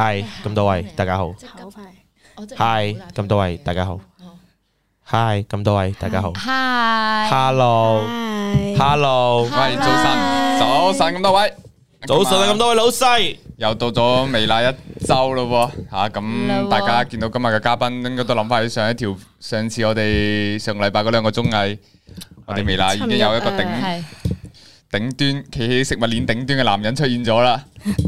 Hi 咁多位大家好。即係咁多位大家好。好。咁多位大家好。Hi。Hi, Hi. Hello。Hello。喂，早晨，早晨咁多位，早晨咁多位老細，又到咗微辣一周咯喎。吓、 啊，咁大家見到今日嘅嘉賓應該都諗翻起上一條， 上次我哋上個禮拜嗰兩個綜藝， 我哋微辣已經有一個頂頂、嗯、端企喺食物鏈頂端嘅男人出現咗啦。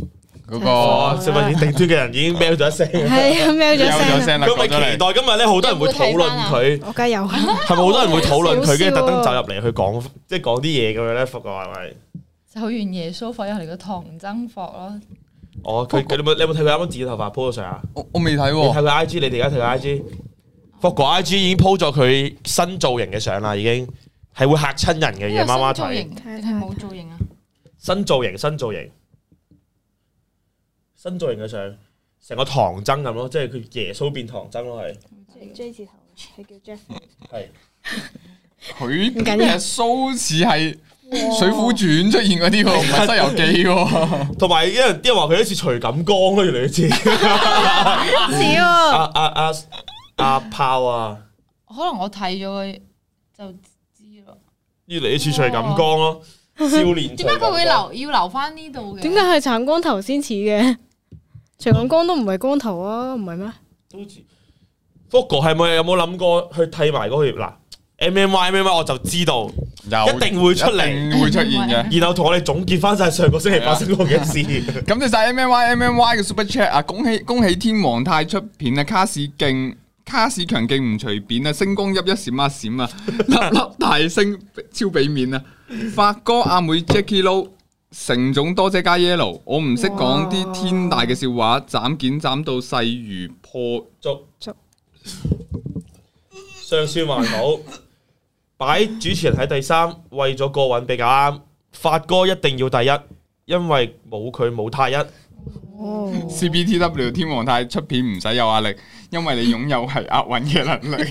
嗰個《小蜜蜂》定奪嘅人已經喵咗一聲，係喵咗一聲，咁咪期待今日咧，好多人會討論佢。我梗有，係咪好多人會討論佢？跟住特登走入嚟，去講即係講啲嘢咁樣咧。佛哥係咪走完耶穌佛，又嚟個唐僧佛咯？哦，佢佢你有冇睇佢啱啱自己頭髮 po 咗相啊？我我未睇喎。睇佢 IG，你哋而家睇佢 IG，佛哥 IG 已經 po 咗佢新造型嘅相啦，已經係會嚇親人嘅嘢。媽媽睇。新冇造型啊？新造型，新造型。新造型嘅相，成個唐僧咁咯，即係佢耶穌變唐僧咯，係 J 字頭，佢叫 Jeff，a 係佢耶穌似係水滸傳出現嗰啲，唔係西遊記，同埋因為啲人話佢好似徐錦江咯，原來似阿阿阿阿炮啊，可能我睇咗佢就知咯，原來好似徐錦江咯， 少年點解佢會留要留翻呢度嘅？點解係橙光頭先似嘅？徐勇光都唔係光頭啊，唔係咩？都似，Fogo 係咪有冇諗過去剃埋嗰條嗱？M M Y M M Y 我就知道，一定會出嚟會出現嘅。然後同我哋總結翻晒上個星期發生過嘅事。咁就晒 M M Y M M Y 嘅 Super Chat 啊！恭喜恭喜天王太出片啊！卡士勁，卡士強勁唔隨便啊！星光熠熠閃啊閃啊，粒粒大聲超俾面啊！發哥阿妹 Jacky Lou。成種多謝加耶 e 我唔識講啲天大嘅笑話，斬件斬到勢如破竹，雙雙還好，擺 主持人喺第三，為咗過穩比較啱，發哥一定要第一，因為冇佢冇太一哇 ，C B T W 天王太出片唔使有壓力。因為你擁有係押韻嘅能力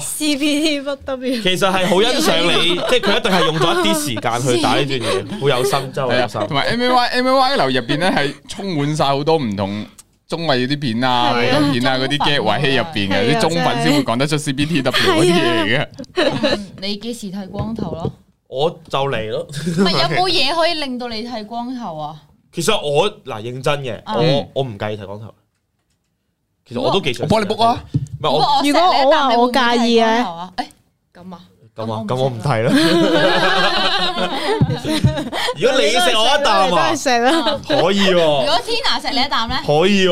，C B T W 其實係好欣賞你，即係佢一定係用咗一啲時間去打呢段嘢，好有心，真係有心。同埋 M V Y M V Y 樓入邊咧係充滿晒好多唔同綜藝嗰啲片啊，片啊嗰啲嘅位入邊嘅啲中文先會講得出 C B T W 嗰啲嘢嚟嘅。你幾時剃光頭咯？我就嚟咯。咪有冇嘢可以令到你剃光頭啊？其實我嗱認真嘅，我我唔介意剃光頭。其實我都幾想，我幫你 book 啊。唔係我，如果我一啖，我介意啊。誒，咁啊，咁啊，咁我唔提啦。如果你食我一啖啊，食啦，可以。如果 Tina 食你一啖咧，可以。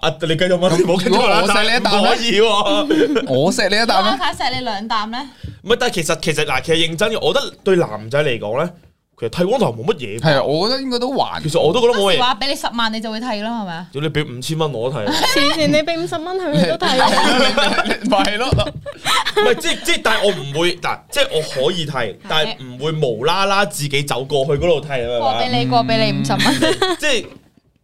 阿你繼續問先，唔好驚我啦。但係食你一啖可以，我食你一啖，我梗係食你兩啖咧。唔係，但係其實其實嗱，其實認真嘅，我覺得對男仔嚟講咧。其實剃光頭冇乜嘢，係啊，我覺得應該都還。其實我都覺得冇嘢。話俾你十萬你就會剃咯，係咪啊？如果你俾五千蚊我都剃。前前你俾五十蚊佢都剃。咪咯，係即係即但係我唔會，但即係我可以剃，但係唔會無啦啦自己走過去嗰度剃啊。過俾你，過俾你五十蚊。即係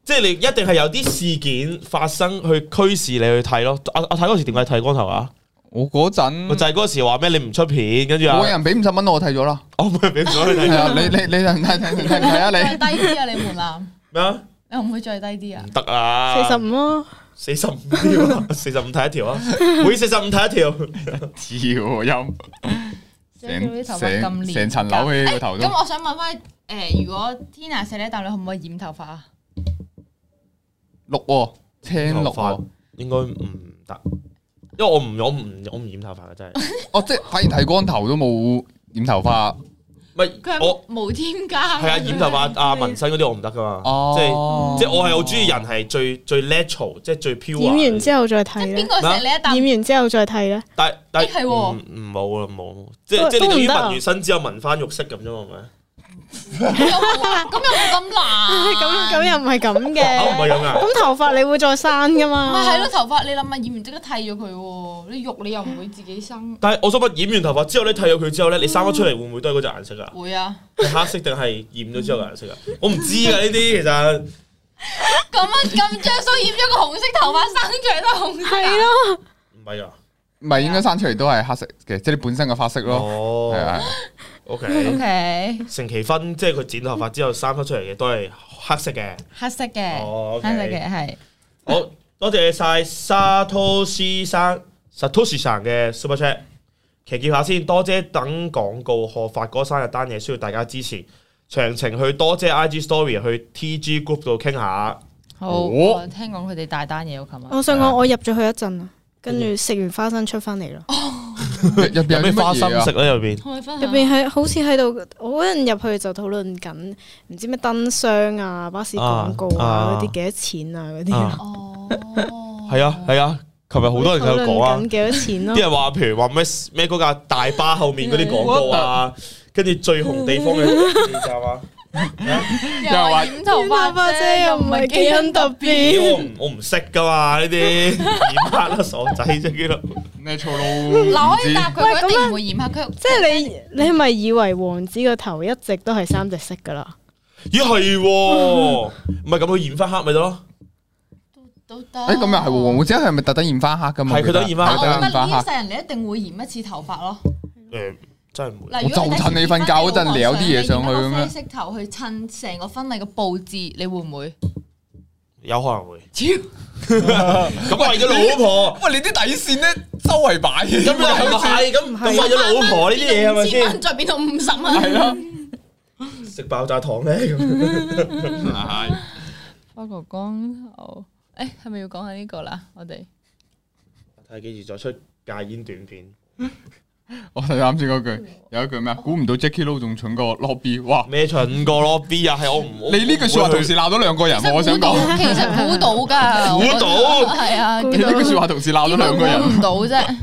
即係，你一定係有啲事件發生去驅使你去剃咯。阿阿泰嗰時點解剃光頭啊？我嗰陣，就係嗰時話咩？你唔出片，跟住啊，冇人俾五十蚊，我睇咗啦。我唔俾咗你睇啊！你你你睇睇睇睇睇啊！你低啲啊！你門檻咩啊？你唔會再低啲啊？唔得啊！四十五咯，四十五條，四十五睇一條啊！每四十五睇一條，天啊！音成成層樓喺個頭中。咁我想問翻誒，如果 Tina 卸咗淡，你可唔可以染頭髮啊？綠，青綠，應該唔得。因為我唔我唔我唔染頭髮嘅真係，哦即係反而剃光頭都冇染頭髮，唔係我冇添加係啊染頭髮啊紋身嗰啲我唔得噶嘛，即係即係我係好中意人係最最 natural 即係最 pure。染完之後再睇啦，染完之後再睇咧，但係但係唔唔冇唔好。即係即係你紋完身之後紋翻肉色咁啫嘛係咪？咁、 哎、又冇咁難，咁咁、啊、又唔係咁嘅，咁、啊、頭髮你會再生噶嘛？咪係咯，頭髮你諗下染完即刻剃咗佢，你想想肉你又唔會自己生。但係我想問，染完頭髮之後咧剃咗佢之後咧，你生咗出嚟會唔會都係嗰隻顏色啊？會啊、嗯，係黑色定係染咗之後嘅顏色啊？嗯、我唔知啊呢啲其實。咁 啊咁，張叔染咗個紅色頭髮，生出嚟都紅色。係咯，唔係啊，唔係應該生出嚟都係黑色嘅，即、就、係、是、你本身嘅髮色咯。哦。係啊。O K，O K，成奇芬，即係佢剪頭髮之後生出出嚟，嘅都係黑色嘅，黑色嘅，oh, okay. 黑色嘅係。好，多謝晒 Satoshi san，Satoshi san 嘅 Super Chat，祈叫下先。多謝，等廣告賀發哥生日單嘢，需要大家支持。詳情去多謝 I G Story 去 T G Group 度傾下。好，哦、我聽講佢哋大單嘢，我琴日。我想講，我入咗去一陣啊。跟住食完花生出翻嚟咯，入邊有咩花生食咧？入邊，入邊喺好似喺度，我嗰陣入去就討論緊唔知咩燈箱啊、巴士廣告啊嗰啲幾多錢啊嗰啲，係啊係啊，琴日好多人喺度講啊，幾多錢咯，啲人話譬如話咩咩嗰架大巴後面嗰啲廣告啊， 跟住最紅地方咩、啊？又話染頭髮啫，又唔係幾樣特別。我唔識噶嘛呢啲染黑啦傻仔啫，咩錯都唔知。喂，咁會染黑？即係你你係咪以為王子個頭一直都係三隻色噶啦？咦係喎，唔係咁佢染翻黑咪得咯，都都得。誒咁又係，王子係咪特登染翻黑噶？係佢特登染翻，我諗呢世人你一定會染一次頭髮咯。誒。真係冇。嗱，就趁你瞓覺嗰陣，你有啲嘢上去咁樣。色頭去襯成個婚禮個布置，你會唔會？有可能會。咁為咗老婆，喂，你啲底線咧，周圍擺。咁又係，咁唔係為咗老婆呢啲嘢係咪先？再變到五十蚊，係 咯、啊。食爆炸糖咧咁。 不過是講，誒，係咪要講下呢個啦？我哋睇、哎、下幾時再出戒煙短片。 我睇啱先嗰句有一句咩啊？估唔到 Jacky Lou 仲蠢過 LokB，哇咩蠢過 LokB 啊？係我唔你呢句說話同時鬧咗兩個人，我想講其實估到噶，估到係啊。呢句說話同時鬧咗兩個人，估唔到啫。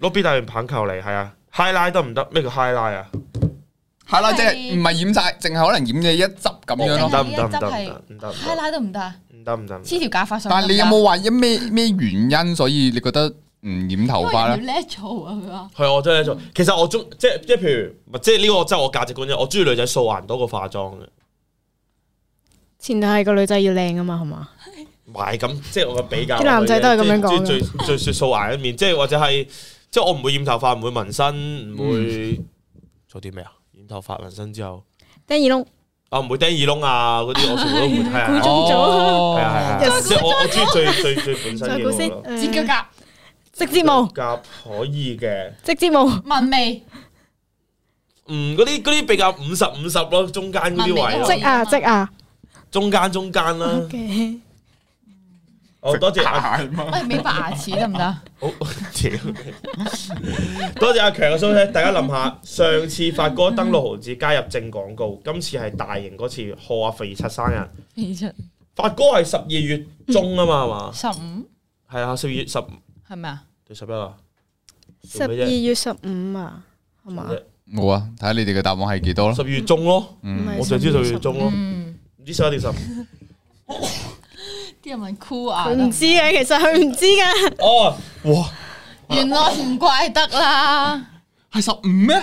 LokB 帶完棒球嚟，係啊，high 拉得唔得？咩叫 high 拉啊？high 拉即係唔係染晒，淨係可能染嘅一執咁樣咯。得唔得？唔得唔得，high 拉都唔得啊！唔得唔得，黐條假髮上。但係你有冇話因咩咩原因所以你覺得？唔染頭髮咧？啊？話係我真係做，其實我中即係即係，譬如即係呢個真係我價值觀，我中意女仔素顏多過化妝嘅。前提係個女仔要靚啊嘛，係嘛？唔係咁，即係我嘅比較。啲男仔都係咁樣講。最最最素顏一面，即係或者係即係我唔會染頭髮，唔會紋身，唔會做啲咩啊？染頭髮紋身之後，釘耳窿。啊，唔會釘耳窿啊！嗰啲我全部都唔會睇啊。哦，係啊，係啊。我中意最最最本身嘅十字模夾可以嘅，十字模紋眉，嗯，嗰啲嗰啲比較五十五十咯，中間啲位，織啊織啊，中間中間啦，哦多謝，喂，美白牙齒得唔得？好，屌，多謝阿強嘅 show 咧，大家諗下，上次發哥登陸豪子加入正廣告，今次係大型嗰次賀阿肥七生日，肥七發哥係十二月中啊嘛，嘛，十五，係啊，十二月十。係咪啊？對十一啊？十二月十五啊？係嘛？冇啊！睇下你哋嘅答案係幾多咯？十二月中咯，嗯，我想知道十二月中咯，唔、嗯、知十一定十五。啲人問酷啊，我唔知嘅，其實佢唔知噶。哦，哇，哇，原來唔怪得啦。係十五咩？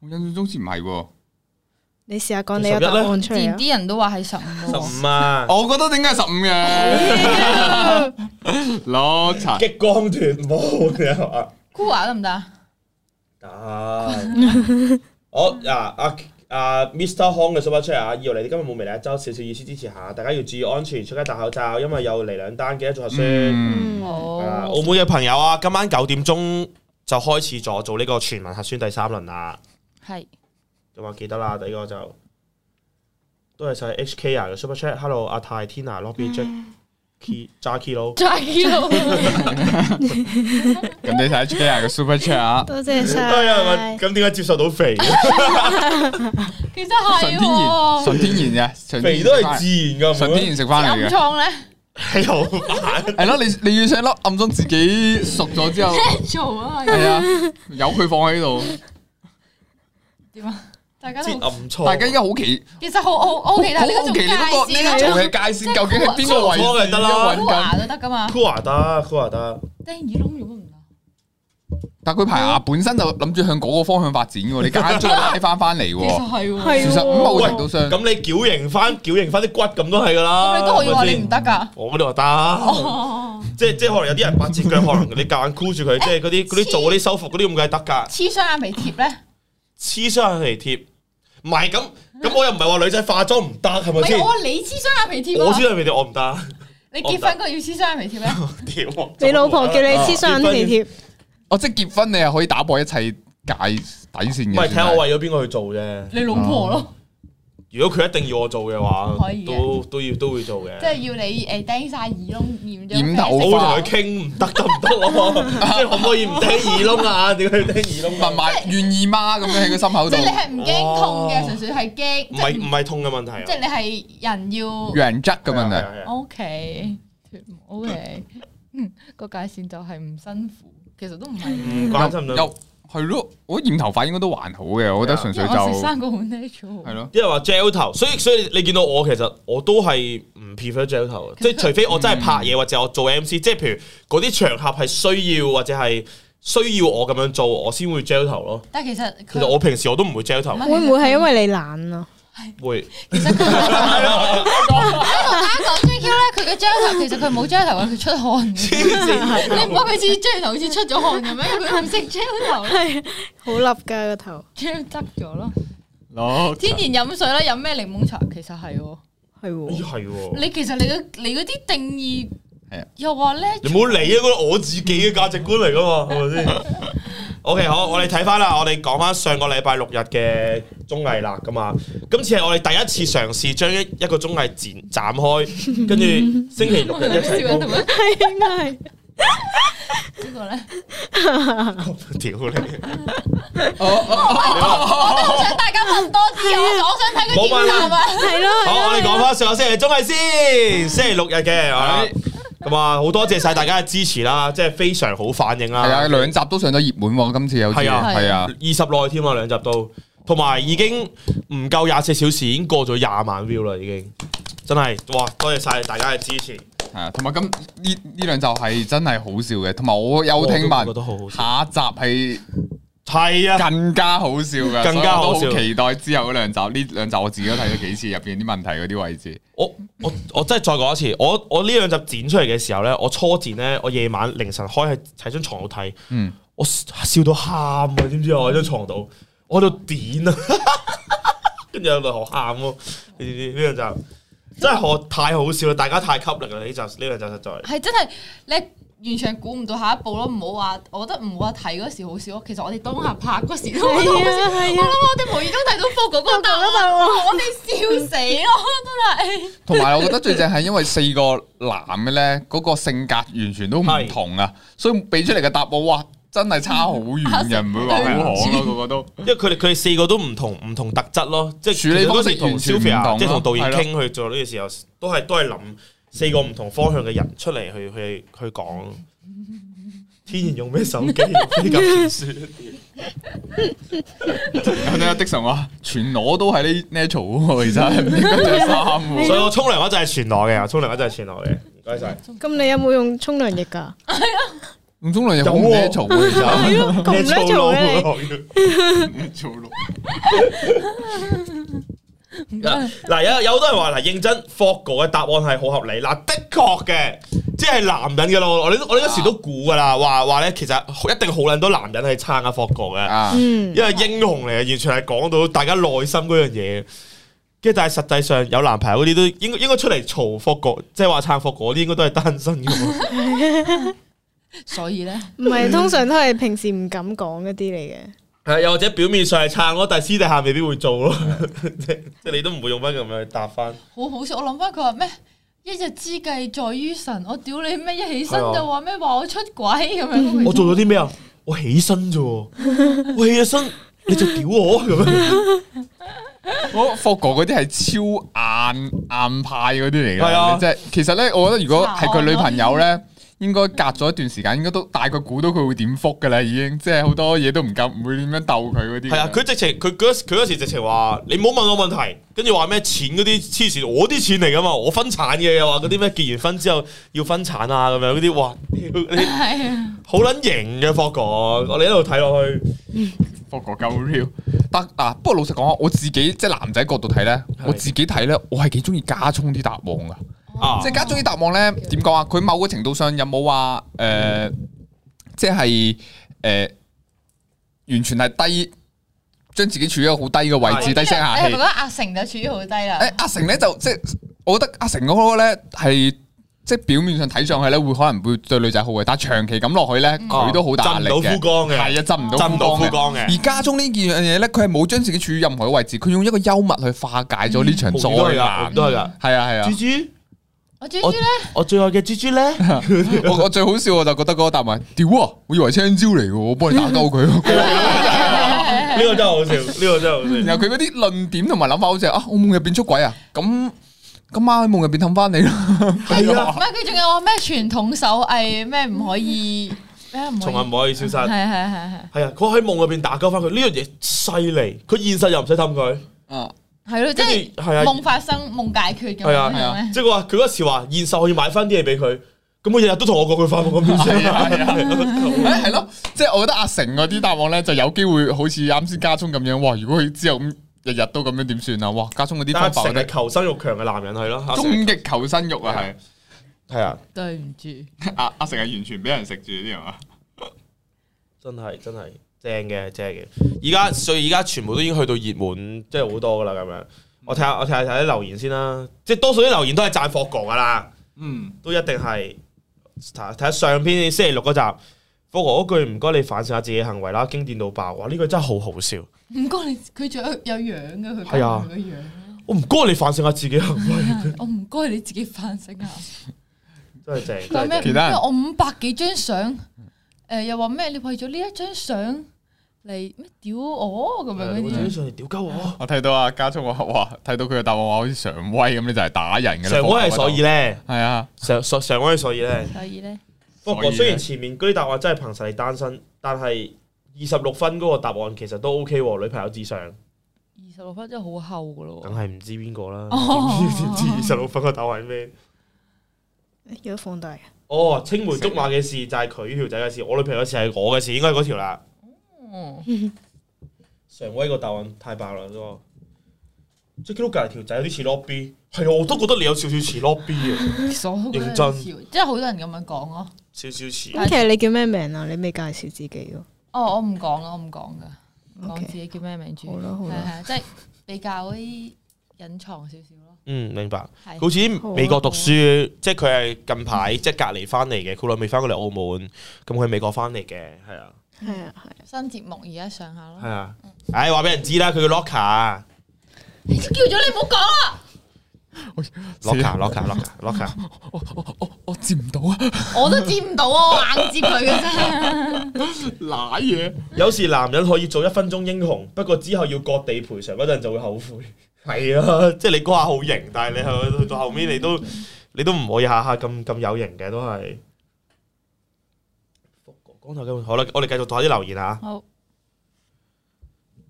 我印象中好似唔係喎。你試下講你嘅答案出嚟，啲人都話係十五十五啊！我覺得點解十五嘅？攞擦、yeah! 激光斷毛嘅。酷華得唔得啊？得。好啊，阿、啊、阿 Mr. Hong 嘅 super chat 啊，要嚟你今日冇微辣一周，少少意思支持下。大家要注意安全，出街戴口罩，因為又嚟兩單，記得做核酸。嗯嗯嗯哦、澳門嘅朋友啊，今晚九點鐘就開始咗做呢個全民核酸第三輪啦。係。我記得啦，第、這、一個就都係多謝曬 HK 啊嘅 super chat，Hello 阿泰 Tina，LokB Jacky Jacky 佬，Jacky 佬。咁你洗 HK 嘅 super chat，啊？多謝曬、啊。咁點解接受到肥？其實係純天然，純天然嘅肥都係自然㗎，純天然食翻嚟嘅。陰係 好煩晚，係咯，你你要想咯，暗中自己熟咗之後，係啊 是，有佢放喺度點啊？大家都，大家應該好奇，其實好好好奇，但呢個界線，呢個槽嘅界線究竟係邊個位嚟得啦？箍牙都得噶嘛？箍牙得，箍牙得。釘耳窿用唔得？但佢排牙本身就諗住向嗰個方向發展嘅，你夾硬拉翻翻嚟，其實係，其實冇影到傷。咁你矯形翻，矯形翻啲骨咁都係噶啦。你都可以話你唔得噶？我嗰度得，即係即係可能有啲人拔智牙可能你夾硬箍住佢，即係嗰啲啲做嗰啲修復嗰啲咁計得噶。黐雙眼皮貼咧？黐雙眼皮貼，唔係咁，咁我又唔係話女仔化妝唔得，係咪先？你黐雙眼皮貼，我黐雙眼皮貼我唔得。 你結婚個要黐雙眼皮貼咩？ 你老婆叫你黐雙眼皮貼，我即係結婚你係可以打破一切嘅底線嘅，唔係睇我為咗邊個去做啫，你老婆咯。啊如果佢一定要我做嘅話，都都要都會做嘅。即係要你誒釘曬耳窿，染咗咩，我同佢傾，唔得就唔得咯。即係可唔可以唔釘耳窿啊？點解要釘耳窿？問埋願意嗎？咁樣喺佢心口度。即係你係唔驚痛嘅，純粹係驚。唔係唔係痛嘅問題。即係你係人要原則嘅問題。O K，O K，嗯，個界線就係唔辛苦，其實都唔係咁難。係咯，我染頭髮應該都還好嘅，我覺得純粹就生好係咯，因為話 gel 了頭，所以所以你見到我其實我都係唔 prefer gel 頭，即係除非我真係拍嘢、嗯、或者我做 MC，即係譬如嗰啲場合係需要或者係需要我咁樣做，我先會 gel 頭咯。但係其實其實我平時我都唔會 gel 頭。會唔會係因為你懶啊？會。其實 佢漿頭，其實佢冇漿頭，佢出汗。你唔好佢似漿頭，似 出咗汗咁樣？因為佢唔識漿頭。係，好笠噶個頭。漿側咗咯。嗱，No 天然飲水啦，飲咩檸檬茶？其實係喎，啊，係喎，哦，係喎。你其實你嘅你嗰啲定義又呢，又話咧，你冇理啊！嗰我自己嘅價值觀嚟噶嘛，係咪先？ OK，好，我哋睇翻啦，我哋講翻上個禮拜六日嘅綜藝啦，咁啊，今次係我哋第一次嘗試將一一個綜藝剪斬開，跟住星期六日一齊播。係啊係，呢個咧，屌你，好，我想大家問多啲，我想睇佢。冇問啦，係咯。好，我哋講翻上星期綜藝先，星期六日嘅，係。哇！好多謝晒大家嘅支持啦，真係非常好反應啦。係啊，兩集都上咗熱門喎，啊，今次有次。係啊，係啊，二十內添啊，兩集都，同埋已經唔夠廿四小時，已經過咗廿萬 view 啦，已經。真係哇！多謝晒大家嘅支持。係啊，同埋咁呢呢兩集係真係好笑嘅，同埋我有聽聞，覺得好好笑。下一集係。係啊，更加好笑嘅，更加好笑。期待之後嗰兩集，呢兩 集我自己都睇咗幾次，入邊啲問題嗰啲位置，我我我真係再講一次，我我呢兩集剪出嚟嘅時候呢，我初剪呢，我夜晚凌晨開喺喺張床度睇，嗯，我笑到喊啊，知唔知我喺張床度，我喺度癲啊，跟住有同學喊喎，你知唔知呢兩集真係好太好笑啦，大家太犀利啦，呢集呢兩集實在係真係你。完全估唔到下一步咯！唔好話，我覺得唔好話睇嗰時好笑咯。其實我哋當下拍嗰時都好笑。呀我諗我哋無意中睇到報告嗰度啦，我哋笑死咯，真係。同埋我覺得最正係因為四個男嘅咧，嗰個性格完全都唔同是啊，所以俾出嚟嘅答案哇，真係差好遠，人唔會話好可咯，個個都。因為佢哋佢哋四個都唔同唔 同特質咯，即係處理方式同小肥啊，即係同導演傾去做呢個時候，都係都係諗。四個唔同方向嘅人出嚟去去去講，天然用咩手機？啲咁嘅事。咁啊迪神話，全裸都係呢 natural 喎，而家跟所以我沖涼嗰陣係全裸嘅，沖涼嗰陣係全裸嘅。唔該晒。咁 你有冇用沖涼液㗎？係啊 ，用沖涼液好咩？潮啊，咁咩潮嘅？哈哈哈哈哈。嗱，嗱謝有有好多人話，嗱認真，霍哥嘅答案係好合理，嗱的確嘅，即係男人嘅咯，我哋我哋時都估噶啦，話話咧其實一定好捻多男人係撐阿霍哥嘅。嗯、因為英雄嚟嘅，完全係講到大家內心嗰樣嘢，跟住但係實際上有男朋友嗰啲都應應該出嚟嘈霍哥，即係話撐霍哥啲應該都係單身嘅，所以咧，唔係通常都係平時唔敢講一啲嚟嘅。又或者表面上係撐我，但係私底下未必會做咯。即 即你都唔會用翻咁樣去答翻。好好笑，我諗翻佢話咩？「一日之計在於晨。」我屌你咩？一起身就話咩話我出軌咁樣。 我做咗啲咩啊？我起身啫， 我起身你就屌我咁樣。 我霍哥嗰啲係超硬硬派嗰啲嚟噶，係啊，即係其實咧，我覺得如果係佢女朋友咧。應該隔咗一段時間，應該都大概估到佢會點覆噶啦，已經即係好多嘢都唔夠，唔會點樣逗佢嗰啲。係啊，佢直情佢嗰佢時直情話，你唔好問我問題，跟住話咩錢嗰啲黐線，我啲錢嚟噶嘛，我分產嘅又話嗰啲咩結完婚之後要分產啊，咁樣嗰啲，哇！係好撚型嘅 Fogo，我哋一路睇落去，Fogo 夠 real 得嗱，不過老實講，我自己即係男仔角度睇咧，是我自己睇咧，我係幾中意加充啲答案噶。哦、即係家中啲答案咧，點講、嗯、啊？佢某個程度上有冇話誒，即係誒，完全係低，將自己處於好低嘅位置，低聲下氣、欸就是。我覺得阿成就處於好低啦。誒，阿成咧就即係，我覺得阿成嗰個咧係，即係表面上睇上去咧會可能會對女仔好嘅，但係長期咁落去咧，佢都好大壓力嘅。係、嗯、啊，震唔到枯乾嘅。而家中件呢件嘢咧，佢係冇將自己處於任何嘅位置，佢用一個幽默去化解咗呢場災難。都係啦，係、嗯、啊，係、嗯、啊。豬、嗯、豬。嗯我豬豬咧，我最愛嘅豬豬咧，我最好笑我就覺得嗰個答案屌啊，我以為青椒嚟嘅，我幫你打鳩佢，呢個真係好笑，呢個真係好笑。然後佢嗰啲論點同埋諗法好似啊，我夢入邊出軌啊，咁今晚喺夢入邊氹翻你咯。係啊，唔係佢仲有話咩傳統手藝，咩唔可以咩唔從來唔可以消失。係係係係，係啊，佢喺夢入邊打鳩翻佢，呢樣嘢犀利，佢現實又唔使氹佢。啊。係咯，即係夢發生、夢解決咁樣嘅咩？即係話佢嗰時話現實可以買翻啲嘢俾佢，咁我日日都同我講佢發夢咁樣。係鴿咯利語，即係我覺得阿成嗰啲答案咧就有機會好似啱先家聰咁樣。哇、哎！如果佢之後咁日日都咁樣點算啊？哇！家聰嗰啲方法嘅求生欲強嘅男人係咯，終極求生欲啊，係係啊。對唔住，阿阿成係完全俾人食住啲啊真係真係。正嘅，正嘅。而家所以而家全部都已經去到熱門，即係好多噶啦咁樣。我睇下，我睇下睇下啲留言先啦。即係多數啲留言都係讚 Fogo 噶啦，嗯，都一定係睇睇上篇星期六嗰集。Fogo 嗰句唔該你反省下自己行為啦，經典到爆！哇，呢、這、句、個、真係好好笑。唔該你，佢仲有有樣嘅佢，係啊，個樣。我唔該你反省下自己行為。啊、我唔該你自己反省下。 真係正。咩咩？他我五百幾張相。誒、呃，又話咩？你為咗呢一張相嚟，咩屌我咁樣嗰啲？為咗張相嚟屌鳩我？我睇到啊，加聰話，哇！睇到佢嘅答案話好似常威咁，你就係打人嘅。常威係所以咧，係啊，常常常威所以咧、嗯。所以咧，不過雖然前面嗰啲答案真係憑實力單身，但係二十六分嗰個答案其實都 OK 喎、啊，女朋友至上。二十六分真係好厚噶咯，梗係唔知邊個啦。知二十六分嘅答案係咩？要放大。 嗯嗯嗯嗯嗯嗯嗯哦，青梅竹馬嘅事就係佢條仔嘅事，我女朋友嘅事係我嘅事，應該係嗰條啦。哦， 常威個答案太爆啦，即係基督教條仔有啲似 LokB，係啊，我都覺得你有少少似 LokB 啊，認真，即係好多人咁樣講咯，少少似。咁其實你叫咩名啊？你未介紹自己喎。 哦，我唔講啦，我唔講噶，講自己叫咩名住。Okay。好啦，好啦，即係比較啲隱藏少少。 嗯，明白。好似的美國讀書，啊、即係佢係近排即係隔離翻嚟嘅，佢耐未翻過嚟澳門。咁佢美國翻嚟嘅，係啊，係啊，新節目而家上下咯，係啊。唉、哎，話俾人知啦，佢 lock、er、叫 Locka，e r 叫咗你唔好講啊。l o c k e r l o c k e r l o c k e r l o c k e r 我接唔到啊！ 我都接唔到啊，我硬接佢嘅啫。瀨嘢 種！ 有時男人可以做一分鐘英雄，不過之後要割地賠償嗰陣就會後悔。係啊，即係你嗰下好型，但係你去到 後尾你都你都唔可以下下咁咁有型嘅都係。剛才嘅好啦，我哋繼續睇啲留言吓啊。好。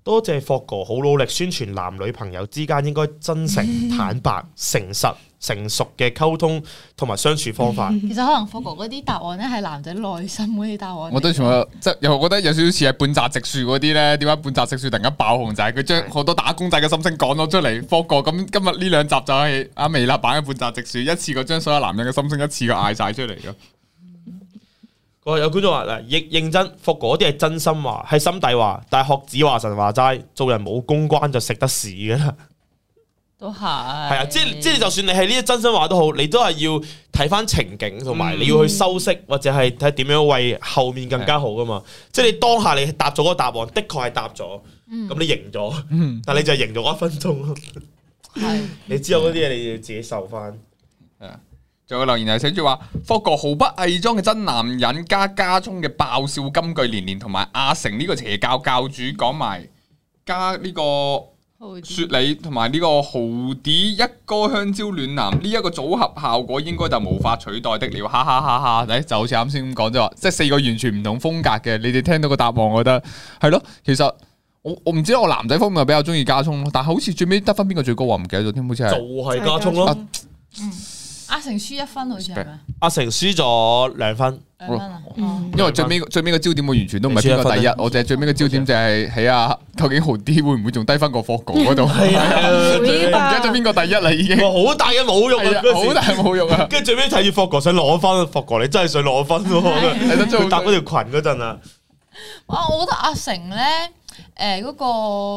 多謝霍哥好努力宣傳男女朋友之間應該真誠、嗯、坦白、誠實、成熟嘅溝通同埋相處方法。其實可能霍哥嗰啲答案咧，係男仔內心嗰啲答案。我都從我即又覺得有少少似係半澤直樹嗰啲咧，點解半澤直樹突然間爆紅就係佢將好多打工仔嘅心聲講咗出嚟。霍哥，咁今日呢兩集就係阿微辣版嘅半澤直樹，一次過將所有男人嘅心聲一次過嗌晒出嚟咯。 有觀眾話嗱，認認真覆嗰啲係真心話，係心底話，但係學子華神話齋，做人冇公關就食得屎噶啦，都係是，係啊，即係即係，就算你係呢啲真心話都好，你都係要睇翻情景，同埋你要去修飾，或者係睇點樣為後面更加好噶嘛。嗯、即係你當下你答咗個答案，的確係答咗，咁你贏咗，嗯、但係你就贏咗一分鐘咯。係、嗯， 你知道嗰啲嘢你要自己受翻。仲有留言係寫住話：霍哥毫不偽裝嘅真男人，加加蔥嘅爆笑金句連連，同埋阿成呢個邪教教主講埋，加呢個雪梨，同埋呢個豪迪一哥香蕉暖男呢一個組合效果，應該就無法取代的了，哈哈哈哈！就好似啱先咁講咗話，即係四個完全唔同風格嘅，你哋聽到個答案，我覺得係咯。其實我我唔知道我男仔方面比較中意加蔥，但係好似最尾得分邊個最高，我唔記得咗添，好似係就係加蔥咯。啊 阿成輸一分好似係咩？阿成輸咗兩分，分因為最尾最尾個焦點我完全都唔係邊個第一，我哋最尾個焦點就係喺阿究竟好啲會唔會仲低分過霍 o 嗰度？係啊，而家就邊個第一啦已經。好大嘅侮辱啊！好大侮辱啊！跟住最尾睇住霍 o 想攞分 f o r 你真係想攞分喎！喺度搭嗰條裙嗰陣啊！哇，我覺得阿成咧，誒嗰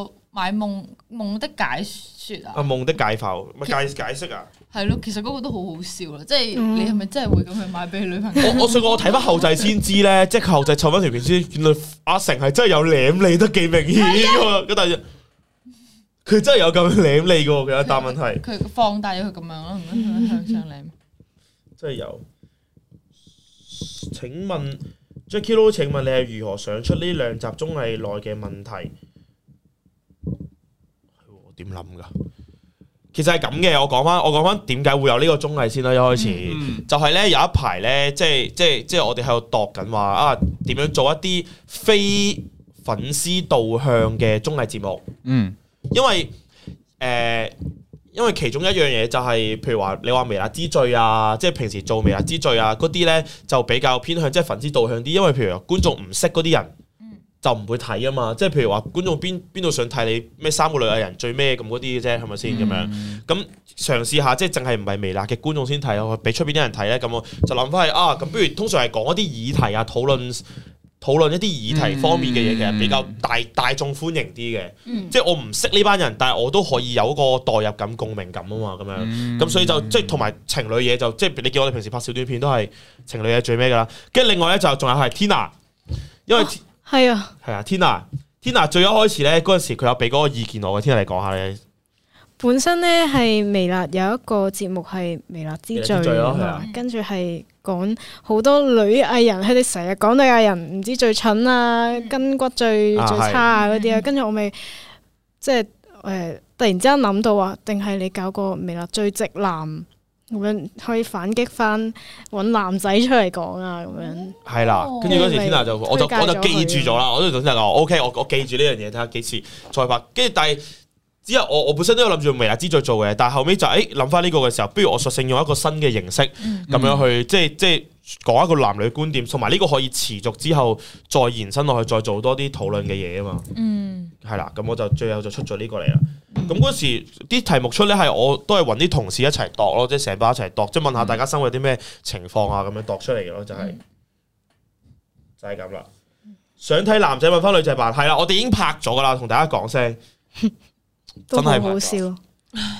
個買夢夢的解說啊，夢的解剖咪解解釋啊？係咯，其實嗰個都好好笑啦，嗯、即係你係咪真係會咁去買俾你女朋友？我想過，我想我睇翻後製先知咧， 即係佢後製湊翻條片先，原來阿成係真係有舐你，得幾明顯噶嘛。佢真係有咁舐你噶，佢有但問題。佢放大咗佢咁樣咯，唔係佢向上舐。真係有。請問 Jacky Lou，請問你係如何想出呢兩集綜藝內嘅問題？係 我點諗噶？其實係咁嘅，我講翻，我講翻點解會有呢個綜藝先啦、啊。一開始、嗯、就係咧有一排咧，即係即係即係我哋喺度度緊話啊，點樣做一啲非粉絲導向嘅綜藝節目？嗯，因為誒、呃，因為其中一樣嘢就係、是，譬如話你話《微辣之最》啊，即、就、係、是、平時做《微辣之最、啊》啊嗰啲咧，就比較偏向即係、就是、粉絲導向啲，因為譬如話觀眾唔識嗰啲人。就唔會睇啊嘛，即係譬如話，觀眾邊邊度想睇你咩三個女人最咩咁嗰啲嘅啫，係咪先咁樣？咁嘗試下，即係淨係唔係微辣嘅觀眾先睇，我俾出邊啲人睇咧，咁我就諗翻去啊，咁不如通常係講一啲議題啊，討論討論一啲議題方面嘅嘢，其實比較大大眾歡迎啲嘅。Mm hmm. 即係我唔識呢班人，但係我都可以有個代入感、共鳴感啊嘛，咁樣。咁、mm hmm. 所以就即係同埋情侶嘢就即係你叫我哋平時拍小短片都係情侶嘢最咩㗎啦。跟住另外咧就仲、是、有係 Tina，因為。 係啊，係啊，田娜，田娜最一開始咧嗰陣時，佢有俾嗰個意見我嘅，田娜你講下咧。你本身咧係微辣有一個節目係微辣之最、啊、跟住係講好多女藝人，佢哋成日講女藝人唔知最蠢啊，筋骨最最差啊嗰啲啊，啊跟住我咪即係誒，突然之間諗到啊，定係你搞個微辣最直男？咁樣可以反擊翻揾男仔出嚟講啊！咁樣係啦，跟住嗰時天娜哪為就，我就我就記住咗啦的。我都想真係講，O K，我我記住呢樣嘢，睇下幾次再拍。跟住但係之後，我我本身都有諗住維亞茲再做嘅，但係後尾就誒諗翻呢個嘅時候，不如我索性用一個新嘅形式咁，嗯嗯、樣去，即係即係。講一個男女觀點，同埋呢個可以持續之後，再延伸落去，再做多啲討論嘅嘢啊嘛。嗯，係啦，咁我就最後就出咗呢個嚟啦。咁嗰、嗯、時啲題目出咧，係我都係揾啲同事一齊度咯，即係成班一齊度，即、就、係、是、問下大家生活啲咩情況啊，咁樣度出嚟嘅咯，就係就係咁啦。嗯、想睇男仔問翻女仔扮，係啦，我哋已經拍咗噶啦，同大家講聲，真係好笑，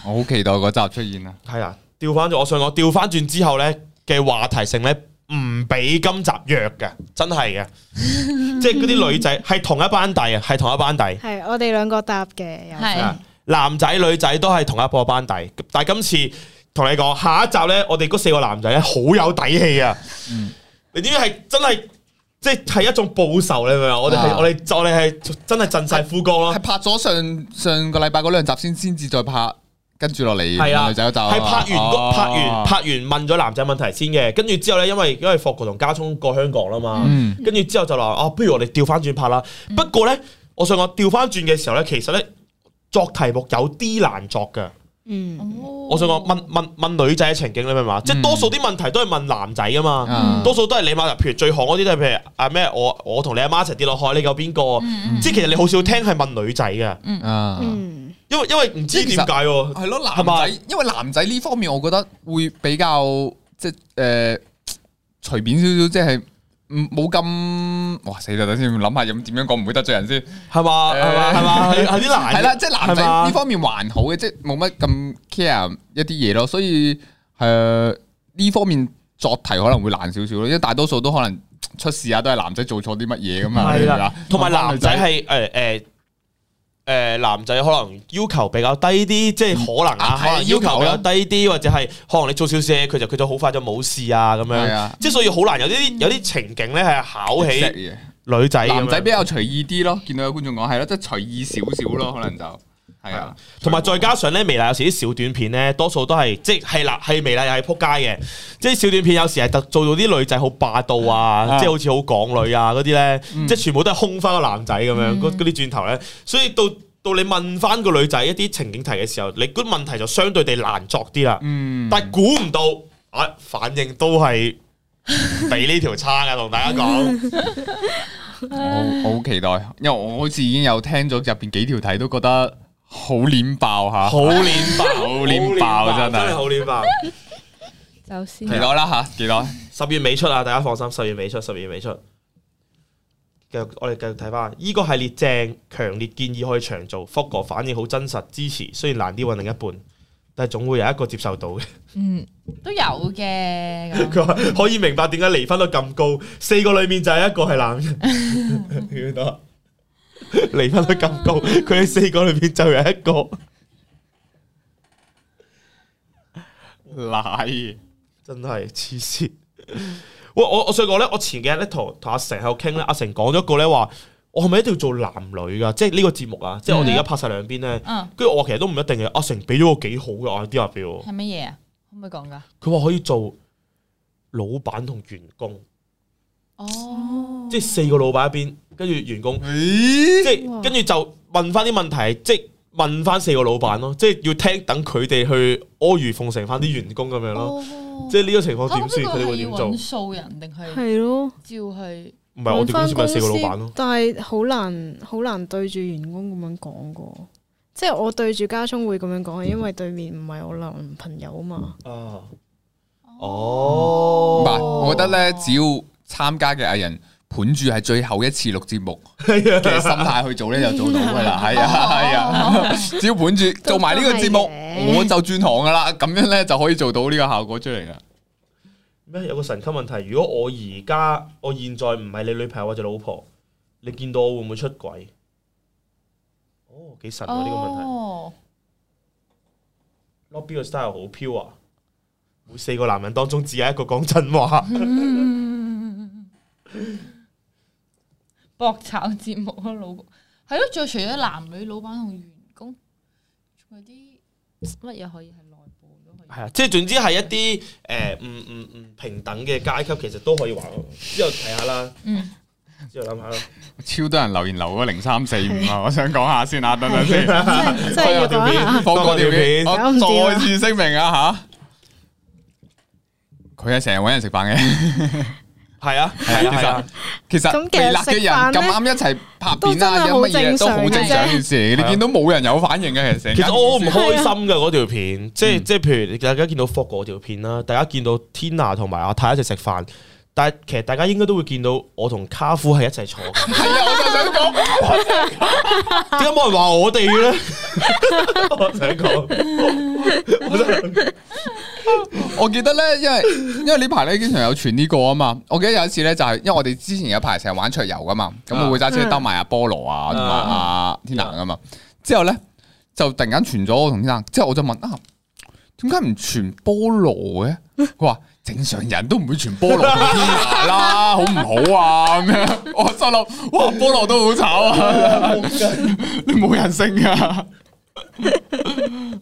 我好期待嗰集出現啊。係啦， 調翻咗，我想講調翻轉之後咧嘅話題性咧。唔俾今集約嘅，真係嘅， 即係嗰啲女仔係同一班底啊，係同一班底。係我哋兩個搭嘅，係男仔女仔都係同一班 個的同一班底。但係今次同你講下一集呢，我哋嗰四個男仔咧好有底氣啊！ 你點解係真係，即係一種報仇，你明唔明啊我？我哋係我哋就你係真係震晒苦功咯。係拍咗上上個禮拜嗰兩集先，先至再拍。跟住落嚟，男仔一答，係拍完個拍完拍完問咗男仔問題先嘅，跟住之後咧，因為因為霍國同家聰過香港啦嘛，跟住之後就話啊，不如我哋調翻轉拍啦。不過咧，我想講調翻轉嘅時候咧，其實咧作題目有啲難作嘅。嗯，我想講問問問女仔嘅情景你明嘛？即係多數啲問題都係問男仔噶嘛，多數都係你媽入，譬如最行嗰啲都係譬如啊咩，我我同你阿媽一齊跌落海，你救邊個？即係其實你好少聽係問女仔嘅。嗯。因為唔知點解係咯男仔，實因為男仔呢吧方面我覺得會比較即係誒隨便少少，即係唔冇咁哇死啦！等先諗下咁點樣講，唔會得罪人先係嘛係嘛係啲難係啦，即係、就是、男仔呢方面還好嘅，即係冇乜咁 care 一啲嘢咯，所以誒呢、呃、方面作題可能會難少少咯，因為大多數都可能出事啊，都係男仔做錯啲乜嘢咁啊，係、呃、啦，同埋男仔係誒誒。誒、呃，男仔可能要求比較低啲，即係可能啊，可能要求比較低啲，啊、或者係可能你做少少嘢，佢就佢就好快就冇事啊，咁、啊、樣，即係、啊、所以好難有啲有啲情景咧係考起女仔，啊、男仔比較隨意啲咯。見、啊、到有觀眾講係咯，即係隨意少少咯，可能就。係啊，同埋再加上咧，微辣有時啲小短片咧，多數都係即係啦，係微辣又係撲街嘅，即係小短片有時係特做到啲女仔好霸道啊，即係的好似好港女啊嗰啲咧，嗯、即係全部都係空翻個男仔咁樣，嗰啲轉頭咧，所以到到你問翻個女仔一啲情景題嘅時候，你啲問題就相對地難作啲啦，嗯、但係估唔到啊，反應都係比呢條差嘅，同大家講， 我好期待，因為我好似已經有聽咗入邊幾條題，都覺得。好撚爆吓，好撚爆， 好撚爆，真係真係好撚爆。 就先幾耐啦吓，幾耐？十月尾出啊，大家放心，十月尾出，十月尾出。繼續，我哋繼續睇翻依個系列正，強烈建議可以長做。福哥反應好真實，支持，雖然難啲揾另一半，但係總會有一個接受到嘅。嗯，都有嘅。佢、那、話、個、 可以明白點解離婚率咁高，四個裏面就係一個係男人。 離婚率咁高，佢喺、啊、四個裏邊就有一個 奶，真係黐線。我我我想講咧，我前幾日咧同同阿成喺度傾咧，阿成講咗個咧話，我係咪一定要做男女噶？即係呢個節目啊，嗎即係我哋而家拍晒兩邊咧。跟住、嗯、我其實都唔一定嘅。阿成俾咗個幾好嘅 idea 俾我，係乜嘢啊？可唔可以講噶？佢話可以做老闆同員工。哦，即係四個老闆一邊。跟住員工，即係跟住就問翻啲問題，即係問翻四個老闆咯，即係要聽等佢哋去阿諛奉承翻啲員工咁樣咯，哦哦，即係呢個情況點算，佢哋會點做？數人定係係咯，照係。唔係我哋公司咪四個老闆咯，但係好難好難對住員工咁樣講噶，嗯、即係我對住家充家中會咁樣講，因為對面唔係我男朋友嘛啊嘛。哦，哦，唔係、嗯，我覺得咧，只要參加嘅藝人。盤住係最後一次錄節目嘅心態去做呢就做到噶啦，係 啊係啊，啊，啊，只要盤住做埋呢個節目，我就轉行噶啦，咁樣呢就可以做到呢個效果出嚟噶。咩有個神級問題？如果我而家我現在唔係你女朋友或者老婆，你見到我會唔會出軌？哦，幾神啊！呢、哦、個問題，law o style 好飄啊！每四個男人當中只有一個講真話。嗯 博炒節目啊，老係咯，再除咗男女老闆同員工，仲有啲乜嘢可以係內部都可以。係啊，即係總之係一啲誒，唔唔唔平等嘅階級，其實都可以玩。之後睇下啦，之後諗下啦。超多人留言留咗零三四五啊，我想講下先啊，等等先，開條片，放條片，我再次聲明啊吓，佢係成日搵人食飯嘅。係啊，啊啊啊其實其實、嗯、微辣嘅人咁啱一齊拍片啊，有乜嘢都好正常嘅事。啊、你見到冇人有反應嘅其實，其實，其實我好唔開心嘅嗰條片，啊、即係即係譬如大家見到 f o 嗰條片啦，大家見到 Tina 同埋阿泰一齊食飯。但係其實大家應該都會見到我同卡夫係一齊坐嘅。係啊，我就想講，點解冇人話我哋嘅咧？我想講， 我記得咧，因為因為呢排咧經常有傳呢個啊嘛。我記得有一次咧、就是，就係因為我哋之前有排成日玩桌遊噶嘛，咁我會揸車兜埋阿菠羅啊同埋阿天南噶嘛。之後咧就突然間傳咗我同天南，之後我就問啊。點解唔傳菠蘿嘅？佢話正常人都唔會傳菠蘿天涯啦，好唔好啊？我心諗，我菠蘿都好醜啊！你冇人性啊！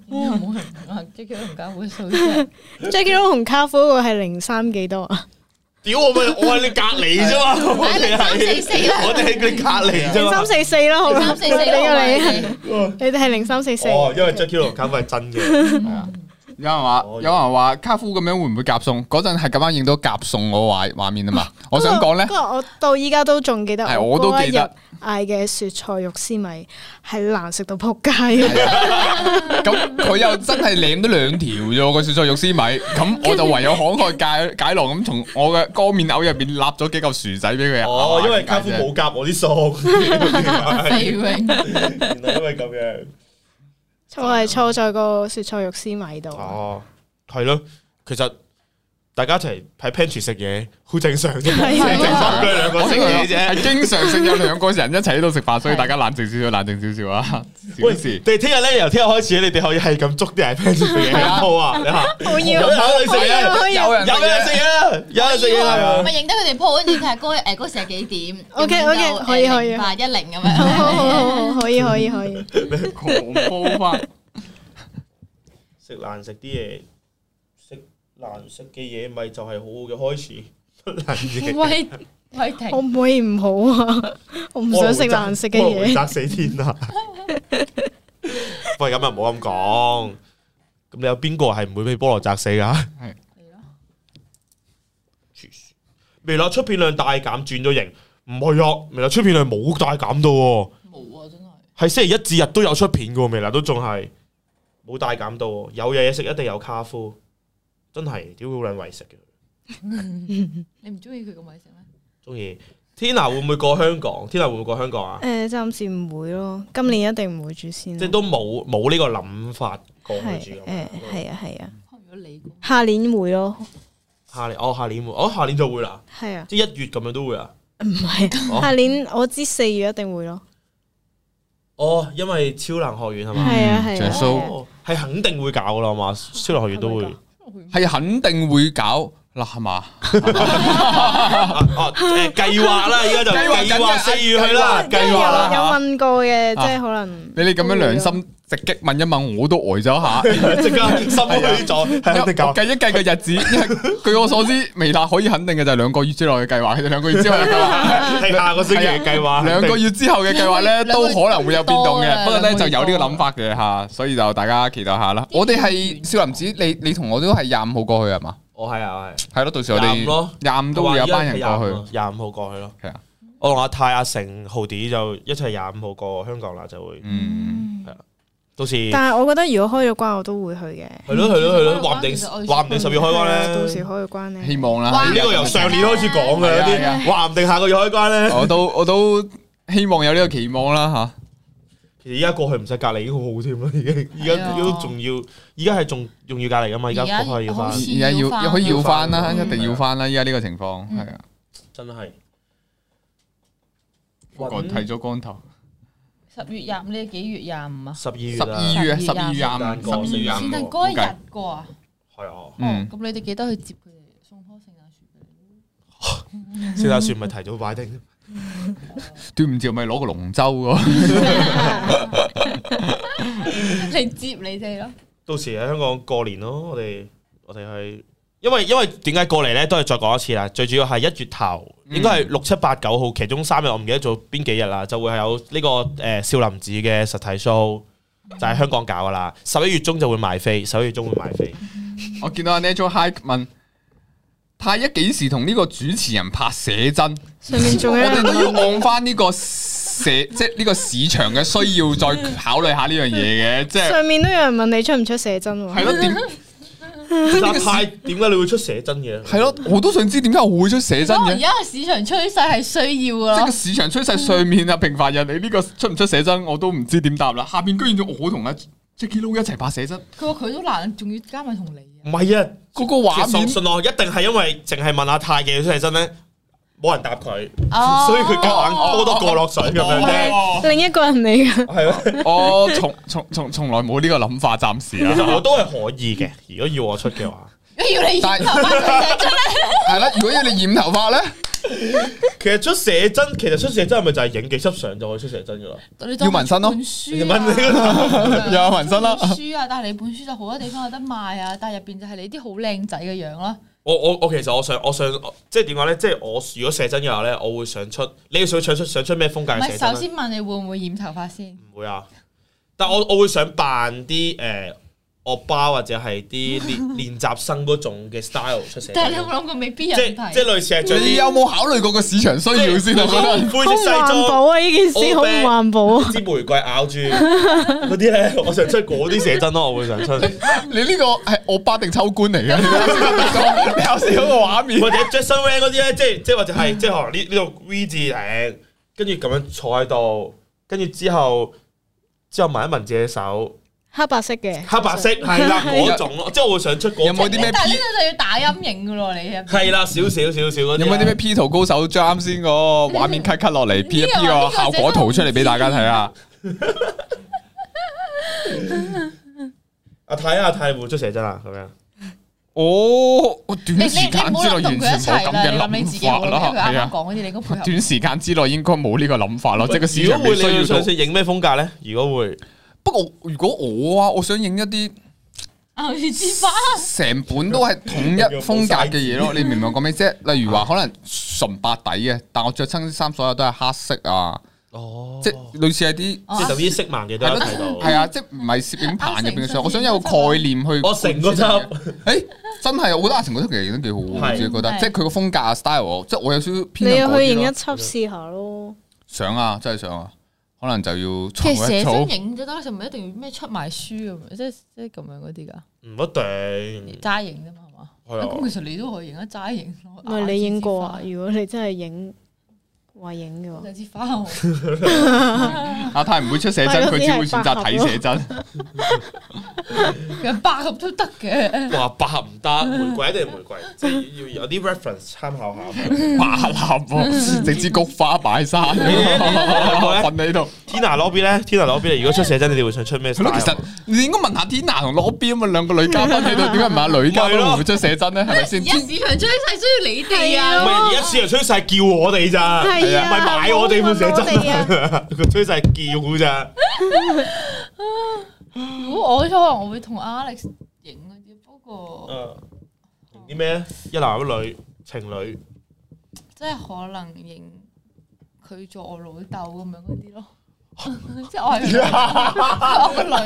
我冇人啊 Jacky 同卡夫數字 Jacky 同卡夫嗰個係零三幾多啊？屌我咪我喺你隔籬啫嘛，我哋喺佢隔籬，零三四四咯，好三四四你你哋係零三四四，因為 Jacky 卡夫係真嘅，係啊。有人話、哦、有人話卡夫咁樣會唔會夾餸？嗰陣係咁樣影到夾餸我畫畫面啊嘛！嗯、我想講咧，我、嗯那個、到依家都仲記得係我，我都記得嗌嘅雪菜肉絲米係難食到撲街，嘅的。咁佢、 嗯、又真係舐咗兩條啫，個雪菜肉絲米，咁、嗯、我就唯有慷慨解解囊咁，從我嘅江面藕入邊立咗幾嚿薯仔俾佢。哦，哇因為卡夫冇夾我啲餸， 原來因為咁樣。錯係錯在個雪菜肉絲米度。哦、啊，係咯，其實。大家一齊喺 pantry 食嘢，好正常啫。正常佢兩個食嘢啫，係經常性有兩個人一齊喺度食飯，所以大家冷靜少少，冷靜少少啊。小事。第聽日咧，由聽日開始你哋可以係咁捉啲喺 pantry 食嘢。好啊，我要。有人食啊，有人食啊，有人食啊。我咪認得佢哋鋪嗰陣，佢係嗰誒嗰時係幾點？OK OK，可以可以，八一零咁樣。好好好，好，可以可以可以。你好煲飯，食難食啲嘢。難食嘅嘢咪就係好好嘅開始，難食。我唔會，唔好啊！我唔想食難食嘅嘢。菠蘿砸死天啊！喂，咁又唔好咁講。咁你有邊個係唔會俾菠蘿砸死噶？係。係咯。微辣，出片量大減，轉咗型。唔係啊，微辣，出片量冇大減到。冇啊，真係。係星期一至日都有出片噶，微辣，都仲係冇大減到。有嘢食一定有卡夫。真係屌，好撚餵食嘅，你唔中意佢咁餵食咩？中意。Tina 會唔會過香港？Tina 會唔會過香港啊？誒，暫時唔會咯。今年一定唔會住先。即係都冇冇呢個諗法過去住。誒，係啊，係啊。下年會咯？下年哦，下年會，哦，下年就會啦。係啊。即係一月咁樣都會啊？唔係，下年我知四月一定會咯。哦，因為超能學院係嘛？係啊係啊。係肯定會搞噶啦嘛，超能學院都會，係肯定會搞。嗱係嘛，哦，計劃啦，依家就計劃四月去啦。計劃啦，有問過嘅，即係可能。俾你咁樣良心直擊問一問，我都呆咗下，即刻心虛咗。計一計嘅日子，據我所知，未達可以肯定嘅就係兩個月之內嘅計劃。其實兩個月之後嘅計劃，下個星期嘅計劃，兩個月之後嘅計劃咧，都可能會有變動嘅。不過咧就有呢個諗法嘅吓，所以就大家期待下啦。我哋係少林寺，你你同我都係廿五號過去係嘛？我係啊，係，係咯，到時我哋咯，廿五都話有班人過去，廿五號過去咯。係啊，我同阿泰阿成 Hoodie 就一齊廿五號過香港啦，就會，係啊，到時。但係我覺得如果開咗關，我都會去嘅。係咯係咯係咯，話唔定話唔定十月開關咧。到時開咗關咧，希望啦，呢個由上年開始講嘅有啲，話唔定下個月開關咧。我都我都希望有呢個期望啦吓。其實而家過去唔使隔離已經好好添啦，已經而家而家仲要，而家係仲仲要隔離噶嘛？而家過去要翻，而家要，要可以要翻啦，回一定要翻啦！而家呢個情況係啊，真係我剃咗光頭。十月廿五你，幾月廿五啊？十二月十二月十二月廿五，聖誕歌日過。係啊，咁你哋記得去接佢哋，送棵聖誕樹俾佢？聖誕樹咪提早擺定。端午節咪攞個龍舟個。接你哋咯，到時喺香港過年咯，我哋我哋去，因為因為點解過嚟呢？都係再講一次啦，最主要係一月頭、嗯、應該係六七八九號其中三日，我唔記得做邊幾日啦，就會係有呢、呢個誒、呃、少林寺嘅實體 show 就喺香港搞噶啦，十一月中就會賣飛，十一月中會賣飛。 我見到阿 Neil Johkman，太一幾時同呢個主持人拍寫真？上面仲有我哋要按翻、呢、呢個。即係呢個市場嘅需要，再考慮下呢樣嘢嘅，即係上面都有人問你出唔出寫真喎。係咯，點阿 泰，點解你會出寫真嘅？係咯，我都想知點解我會出寫真。而家市場趨勢係需要啊。即個市場趨勢上面啊，平凡人你呢、呢個出唔出寫真，我都唔知點答啦。下邊居然仲我同阿 Jacky 佬一齊拍寫真。佢話佢都難，仲要加埋同你。唔係啊，嗰個畫面。信我，一定係因為淨係問阿泰嘅寫真咧。冇人答佢，所以佢夾硬多多過落水咁樣啫。另一個人嚟嘅，係咯，我從從從從來冇呢個諗法，暫時啊，我都係可以嘅。如果要我出嘅話，你要你染頭髮咧，係啦。如果要你染頭髮咧，其實出寫真，其實出寫真係咪就係影幾執相就可以出寫真嘅啦？要做紋身咯，本書又紋身咯，書啊，但係你本書就好多地方有得賣啊，但係入邊就係你啲好靚仔嘅樣啦。我我我其實我想我想即係點講咧，即係我如果寫真嘅話咧，我會想出你要想出想出想出咩風格嘅寫真？唔係，首先問你會唔會染頭髮先？唔會啊，但我 我，我會想扮啲誒。呃歐巴或者練習類類係啲練練習生嗰種嘅 style 出寫， 但係你，你有冇諗過未必，即即係類似係。你有冇考慮過個市場需要先，我覺得好環保啊！呢件事好環保，支 玫瑰咬住嗰啲咧，我想出嗰啲寫真咯。我會想出。 你呢個係歐巴定秋官嚟嘅？有較少個畫面。或者 Jasper a n 嗰啲咧，即係即係或者係即係可能呢呢度 V 字領，跟住咁樣坐喺度，跟住之後之後聞一聞自己手。黑白色嘅，黑白色係啦嗰種咯，即係我想出嗰。有冇啲咩？但係呢個就要打陰影噶咯，你係。係啦，少少少少。有冇啲咩 P 圖高手將啱先嗰個畫面 cut cut 落嚟，P 一 P 個效果圖出嚟俾大家睇下。阿泰啊，太湖出寫真啊，咁樣哦，我短時間之內完全冇咁嘅諗法啦，你諗你自己係啊。講啲你短時間之內應該冇呢個諗法咯，即係個小場。如果會你要嘗試影咩風格咧？如果會。如果我啊，我想影一啲牛耳之花，成本都係統一風格嘅嘢咯。你明唔明我講咩啫？例如話可能純白底嘅，但我着親衫，所有都係黑色、哦、啊。哦，即係類似係啲，即係屬於色盲嘅都睇到。係啊，即係唔係攝影棚入邊嘅相。我想有個概念去。我、啊、成嗰輯，誒充、欸，真係，我覺得阿、啊、成嗰輯其實影得幾好，是我自己覺得。是即係佢個風格 style，即係我有少少偏。你要去影一輯試下咯。想啊，真係想啊。可能就要重新影啫，當時唔係一定要咩出埋書咁，即即咁樣嗰啲噶。唔一定，齋影啫嘛，係嘛？咁的其實你都可以影一齋影咯。唔係你影過啊？拍如果你真係影。話影嘅，就支花紅。阿泰唔會出寫真，佢只會選擇睇寫真。佢百合都得嘅，話百合唔得，玫瑰一定係玫瑰，即係要有啲 reference 參考下。百合，整支菊花擺晒，瞓喺度。Tina LokB 咧，Tina LokB，如果出寫真，你哋會想出咩？其實你應該問，問下 Tina 同 LokB 啊，兩個女嘉賓喺度點解唔係阿女嘉賓 會出寫真咧？係咪先？是是 一市場出晒，需要你哋啊！唔係一市場出晒，叫我哋咋？唔係一買我哋副寫真，佢 吹晒叫咋？ 如果我可能我會同 Alex 影嗰啲。不過，影啲咩？一男一女情侶，即係可能影佢做我老豆咁樣嗰啲咯。即係我係我個女，我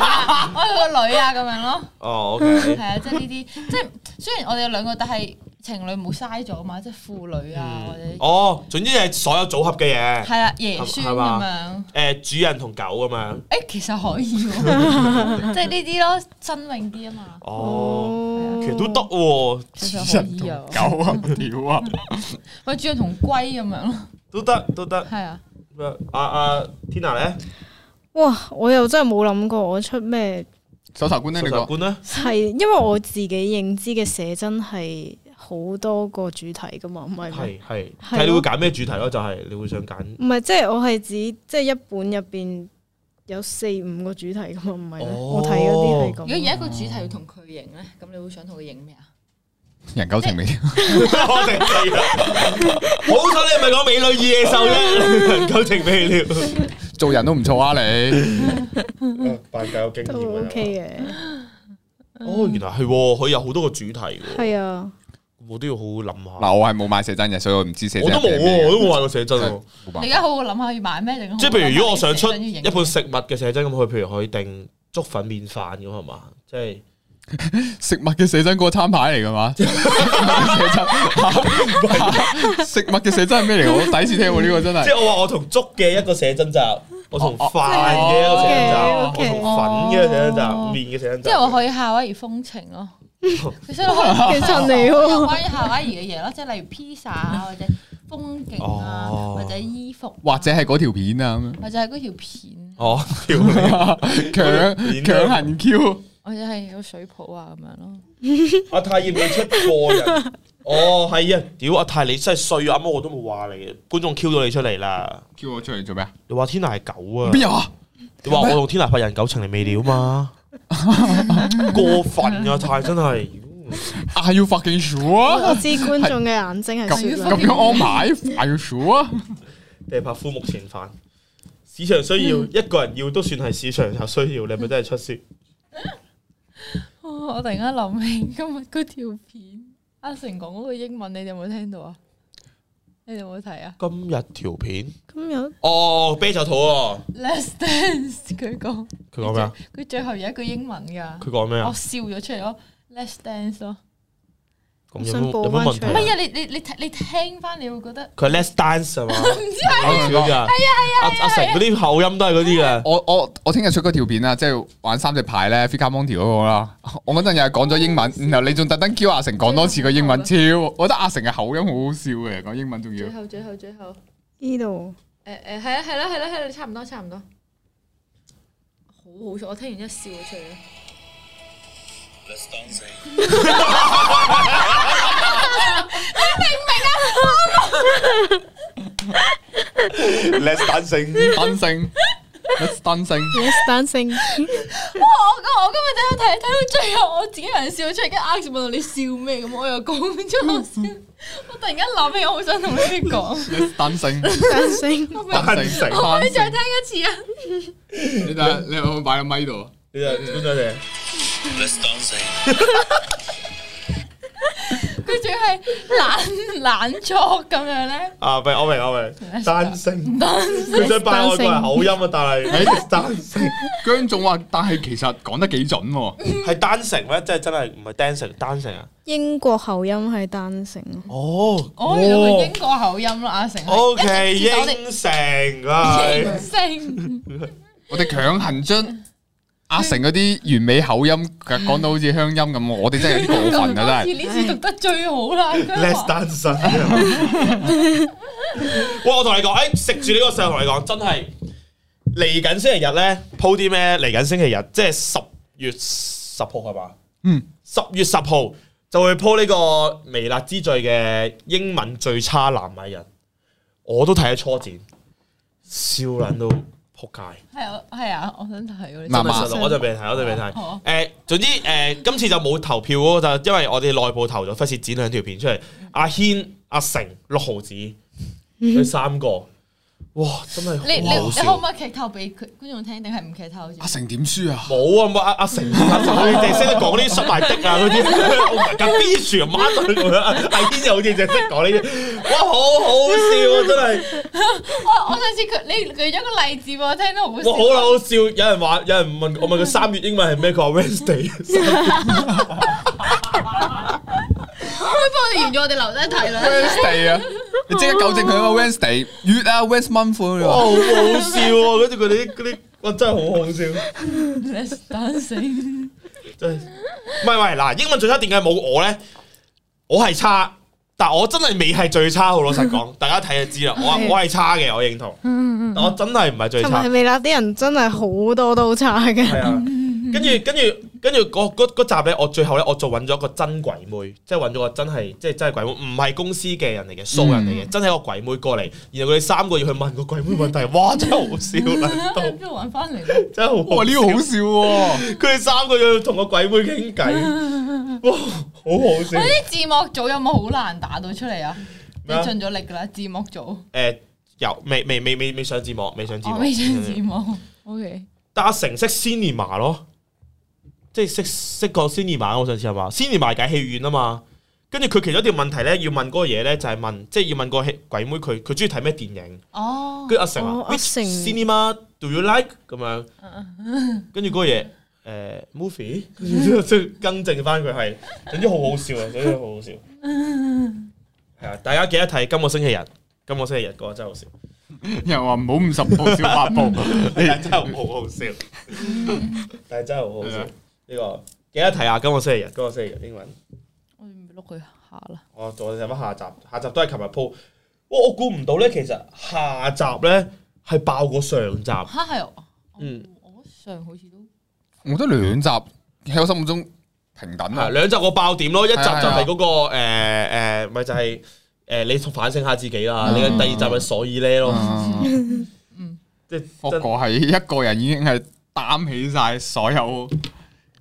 係個女啊咁樣咯。哦，係啊，即係呢啲。即係雖然我哋有兩個，但係。情侶冇嘥咗嘛？即係父女啊，或者哦，總之係所有組合嘅嘢。係啊，爺孫咁樣。誒，主人同狗咁樣。誒，其實可以，即係呢啲咯，新穎啲啊嘛。哦，其實都得，主人同狗啊，鳥啊！或者主人同龜咁樣咯，都得，都得。係啊。阿阿天娜咧哇！我又真係冇諗過我出咩？搜查官咧，你講。係，因為我自己認知嘅寫真係好多個主題噶嘛，唔係係係睇你會揀咩主題咯？啊、就係你會想揀唔係即係我係指即係一本入邊有四五個主題噶嘛，唔係、哦、我睇嗰啲如果有一個主題要同佢影咧，咁、哦、你會想同佢影咩啊？人狗情未了。好彩你唔係講美女與野獸啫，人狗情未了。做人都唔錯啊，你辦界 有經 O K 嘅。哦，原來係佢有好多個主題。係啊、 哦。 我都要好好諗下。嗱，我係冇買寫真嘅，所以我唔知寫真。我都冇，我都冇買過寫真。你而家好好諗下要買咩嚟？即係譬如如果我想出一本食物嘅寫真咁，佢譬如可以定粥粉麵飯咁係嘛？即係食物嘅寫真個餐牌嚟噶嘛？食物嘅寫真係咩嚟？我第一次聽呢個真係。即係我話我同粥嘅一個寫真集，我同飯嘅一個寫真集，我同粉嘅寫真集，麵嘅寫真集，即係我可以夏威夷風情咯。佢真係好襯你喎，關於夏威夷嘅嘢啦，即係例如披薩啊，或者風景啊，或者衣服，或者係嗰條片啊，咁或者係嗰條片哦，強強行 Q，或者係有水泡啊咁樣咯。阿泰要出貨人，哦係啊，屌阿泰你真係衰，阿媽我都冇話你嘅，觀眾 Q 咗你出嚟啦，Q 我出嚟做咩啊？你話天台係狗啊？邊有啊？你話我同天台法人舊情未了嘛？過分啊！太真係，係要 fucking sure 啊！我知觀眾嘅眼睛係咁咁樣安排，係 sure 啊！迪帕夫目前反市場需要， 一個人要都算係市場有需要，你係咪真係出色、 哦。我突然間諗起今日嗰條片，阿成講嗰個英文，你哋有冇聽到啊？你哋有冇睇啊？今日條片，今日天哦，啤酒肚哦。Let's dance，佢講，佢講咩啊？佢最後有一句英文噶。佢講咩啊？我、oh, 笑咗出嚟咯，Let's dance 咯。有冇問題？唔係啊！你你你聽你聽翻，你會覺得佢係 less Dance 係嘛？唔知係啊？係啊係啊，阿阿成嗰啲口音都係嗰啲嘅。我我我聽日出嗰條片啦，即係玩三隻牌咧 Figma Monty 嗰個啦。我嗰陣又係講咗英文，然後你仲特登叫阿成講多次個英文，超！我覺得阿成嘅口音好好笑嘅，講英文仲要。最後最後最後呢度誒誒係啦係啦係啦係啦，差唔多差唔多，好好笑！我聽完一笑咗出嚟。你 明唔明啊？你單聲，你單聲，你單聲。我今日真係睇到最後我自己人笑出嚟阿克斯文問你笑咩？噉我又講唔出話聲。我突然間諗起我好想同你講：「你單聲，你再聽一次啊！ 你有冇擺個咪度？你真係好想聽！」佢仲係懶懶作咁樣咧？啊，喂，我明我明。單聲，佢想扮外國口音啊，s 但係係單聲。姜總話，但係其實講得幾準，係單聲咧，即係真係唔係 dancing 單聲啊。英國口音係單聲。哦，oh, oh. 我以為係英國口音啦，阿成。O K，英城，英城， 我哋強行進。阿成嗰啲完美口音，講到好似鄉音咁，我哋真係有啲過分啊！真係，呢次讀得最好啦。Let's dance 哇，我同你講，誒、哎，食住呢個上，我同你講，真係嚟緊星期日咧，鋪啲咩？嚟緊星期日，即係十月十號係嘛？嗯，十月十號就會鋪呢個《微辣之最》嘅英文最差男藝人，我都睇咗初展，笑卵到～ 撲街係我係啊！我想睇嗰啲，我就俾你睇，我就俾你睇。誒、啊，總之誒、呃，今次就冇投票，就因為我哋內部投咗，費事剪兩條片出嚟。阿軒、阿成、六毫子，佢、嗯、哼三個。.哇，真係你你你可唔可以劇透俾觀眾聽，定係唔劇透？阿成點輸啊？冇啊，阿阿成，你哋識得講呢啲十大的啊嗰啲，咁邊輸啊？乜都咁樣，係邊隻好似淨係識講呢啲？哇，好好笑，啊，真係！我我上次佢你舉咗個例子，我聽到好我好搞笑，有人話有人問我問佢三月英文係咩？佢話 Wednesday。官方嘅原著我哋留低一睇啦。Wednesday 啊，你即刻糾正佢啊！Wednesday 月啊，Wednesday month。y 好好笑啊！跟嗰啲嗰啲真係好好笑。Let's d a n 真係，唔係唔嗱，英文最差點解冇我咧？我係差，但我真係未係最差，好老實講，大家睇就知啦。我我係差嘅，我認同。嗯嗯。我真係唔係最差。係啦，啲人真係好多都差嘅。跟住跟住。跟住嗰集咧，我最後咧，我就揾咗一個真鬼妹，即係揾咗個真係，即係真係鬼妹，唔係公司嘅人嚟嘅，素人嚟嘅，嗯、真係一個鬼妹過嚟。然後佢哋三個要去問個鬼妹問題，哇，真係好笑啦！邊度揾翻嚟？真係好呢、 這個好笑喎、喔！佢哋 三個月要同個鬼妹傾偈，哇，好好笑！啲 字幕組有冇好難打到出嚟啊？ 你盡咗力噶啦，字幕組誒、呃，有未未未未未上字幕，未上、哦、字幕，未上字幕。O K，但係成色先年麻咯。即係識識個 Cinema，我上次係話 Cinema 解戲院啊嘛，跟住佢其中一條問題咧，要問嗰個嘢咧，就係問，即係要問個鬼妹佢，佢中意睇咩電影？哦，跟住阿成啊，Which Cinema do you like？咁樣，跟住嗰個嘢，誒，Movie，跟住即係更正翻佢係，總之好好笑啊，總之好好笑。係啊，大家記得睇今個星期日，今個星期日嗰個真係好笑，又話唔好五十步笑百步，真係真係好好笑，但係真係好好笑。呢、這個記得提下，今個星期日，今個星期日英文，我哋咪碌佢下啦。我再我哋下集，下集都係琴日鋪。哇！我估唔到咧，其實下集咧係爆過上集。吓係，嗯，我上好似都，我覺得兩、嗯、集喺我心目中平等啊。兩集我爆點咯，一集就係嗰個誒誒，咪就係誒你反省下自己啦。你嘅第二集咪所以咧咯，嗯，即係個係一個人已經係擔起晒所有。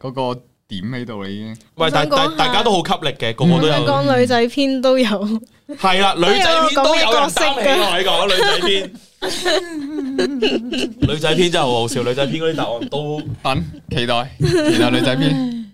嗰個點喺度啦已經，喂，但但大家都好吸力嘅，個個都有。講女仔篇都有，係啦，女仔篇都有角色噶。你講女仔篇，女仔篇真係好好笑，女仔篇嗰啲答案都等期待。然後女仔篇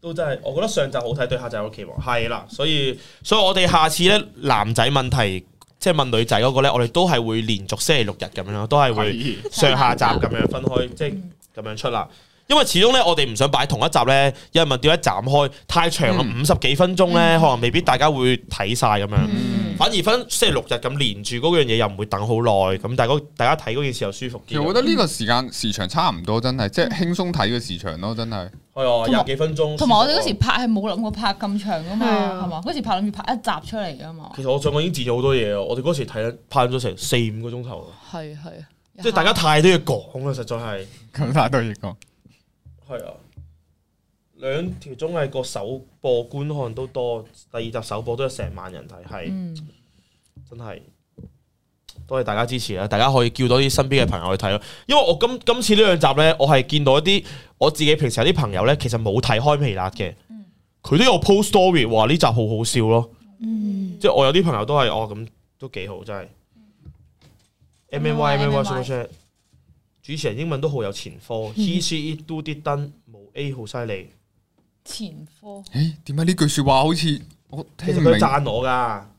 都真係，我覺得上集好睇，對下集有期望。係啦，所以所以我哋下次咧男仔問題，即係問女仔嗰個咧，我哋都係會連續星期六日咁樣，都係會上下集咁樣分開，即係咁樣出啦。因為始終咧，我哋唔想擺同一集咧。因人問點一斬開？太長啦，五十幾分鐘咧，可能未必大家會睇晒咁樣。嗯、反而分星期六日咁連住嗰樣嘢，又唔會等好耐。咁但係大家睇嗰件事又舒服啲。其實我覺得呢個時間時長差唔多，真係即係輕鬆睇嘅時長咯，真係。係啊有，廿幾分鐘。同埋我哋嗰時拍係冇諗過拍咁長噶嘛，係嘛的？嗰時拍諗住拍一集出嚟噶嘛。其實我上個已經剪咗好多嘢。我哋嗰時睇拍咗成四五個鐘頭。係系，即係大家太多嘢講啦，實在係咁太多嘢講。 係啊，兩條綜藝個首播觀看都多，第二集首播都有成萬人睇，係、嗯、真係多謝大家支持啦！大家可以叫多啲身邊嘅朋友去睇咯，因為我今今次呢兩集呢，我係見到一啲我自己平時有啲朋友呢，其實冇睇《開皮辣》嘅，佢都有 post story 話呢集好好笑咯，嗯、即係我有啲朋友都係哦咁都幾好，真係。主持人英文都好有前科 天 S，he do done, ate, s e do the done 冇 A 好犀利。前科？誒、欸，點解呢句說話好似我聽？其實佢讚我噶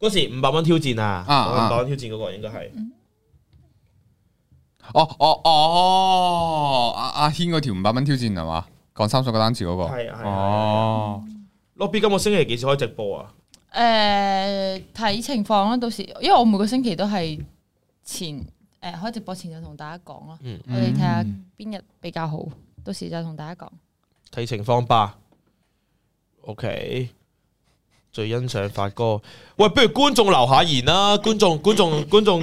嗰、啊、時五百蚊挑戰啊！我講挑戰嗰個應該係。哦哦哦，阿阿軒嗰條五百蚊挑戰係嘛？講三十個單詞嗰、那個。係、喔、啊。哦、嗯，LokB 今個星期幾時開直播啊？誒、嗯，睇、啊、情況啦，到時因為我每個星期都係前。誒，開直播前就同大家講啦。我哋睇下邊日比較好，到時再同大家講，睇情況吧。OK，最欣賞發哥，喂，不如觀眾留下言啦，觀眾，觀眾，觀眾，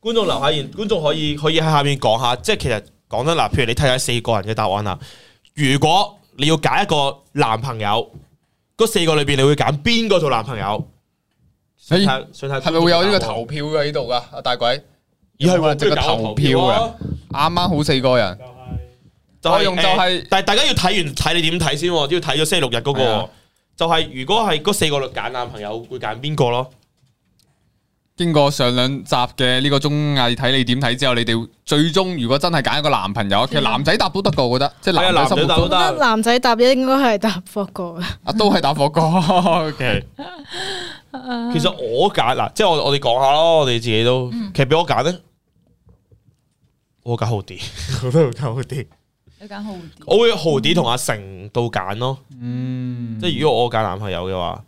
觀眾留下言，觀眾可以可以喺下面講下，即係其實講真嗱，譬如你睇下四個人嘅答案啦，如果你要揀一個男朋友，嗰四個裏邊你會揀邊個做男朋友？上係咪會有呢個投票嘅呢度噶阿大鬼？而係話即係投票啊！啱啱好四個人，就可以用就係、是就是欸，但係大家要睇完睇你點睇先，只要睇咗星期六日嗰，那個，啊、就係如果係嗰四個揀男朋友會揀邊個咯？經過上兩集嘅呢個綜藝睇你點睇之後，你哋最終如果真係揀一個男朋友，啊、其實男仔答都得噶，我覺得，即係男仔答都得，男仔答應該係答火哥啊，都係答火哥。Okay 啊、其實我揀啦，即係我我哋講下咯，我哋自己都，其實俾我揀呢？我揀豪啲， 我都會揀豪好啲，我會豪啲同阿成到揀咯。嗯，即係如果我揀男朋友嘅話，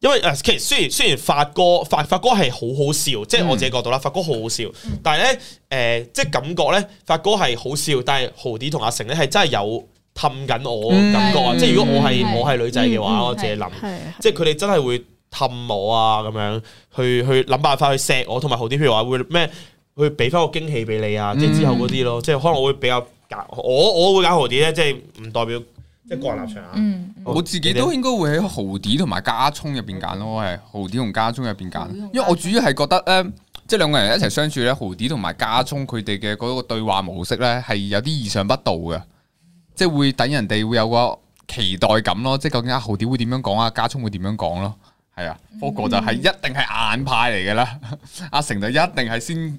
因為誒，其實雖然雖然發哥發發哥係好好笑，即係、嗯、我自己覺得啦，發哥好好笑。但係咧誒，即係感覺咧，發哥係好笑，但係豪啲同阿成咧係真係有氹緊我感覺啊！嗯、即係如果我係的我係女仔嘅話，嗯、我自己諗，即係佢哋真係會氹我啊，咁樣去去諗辦法去錫我，同埋豪啲，譬如話會咩？會俾翻個驚喜俾你啊！即係之後嗰啲咯，嗯、即係可能我會比較揀，我我會揀豪 Dee 咧，即係唔代表、嗯、即係個人立場啊！嗯、好我自己都應該會喺豪 Dee 同埋家聰入邊揀咯，我係豪 Dee 同家聰入邊揀，因為我主要係覺得咧，即係兩個人一齊相處咧，豪 Dee 同埋家聰佢哋嘅嗰個對話模式咧係有啲意想不到嘅，即係會等人哋會有個期待感咯。即係究竟阿豪 Dee 會點樣講啊？家聰會點樣講咯？係啊，不過就係一定係硬派嚟嘅啦，阿、啊、成就一定係先。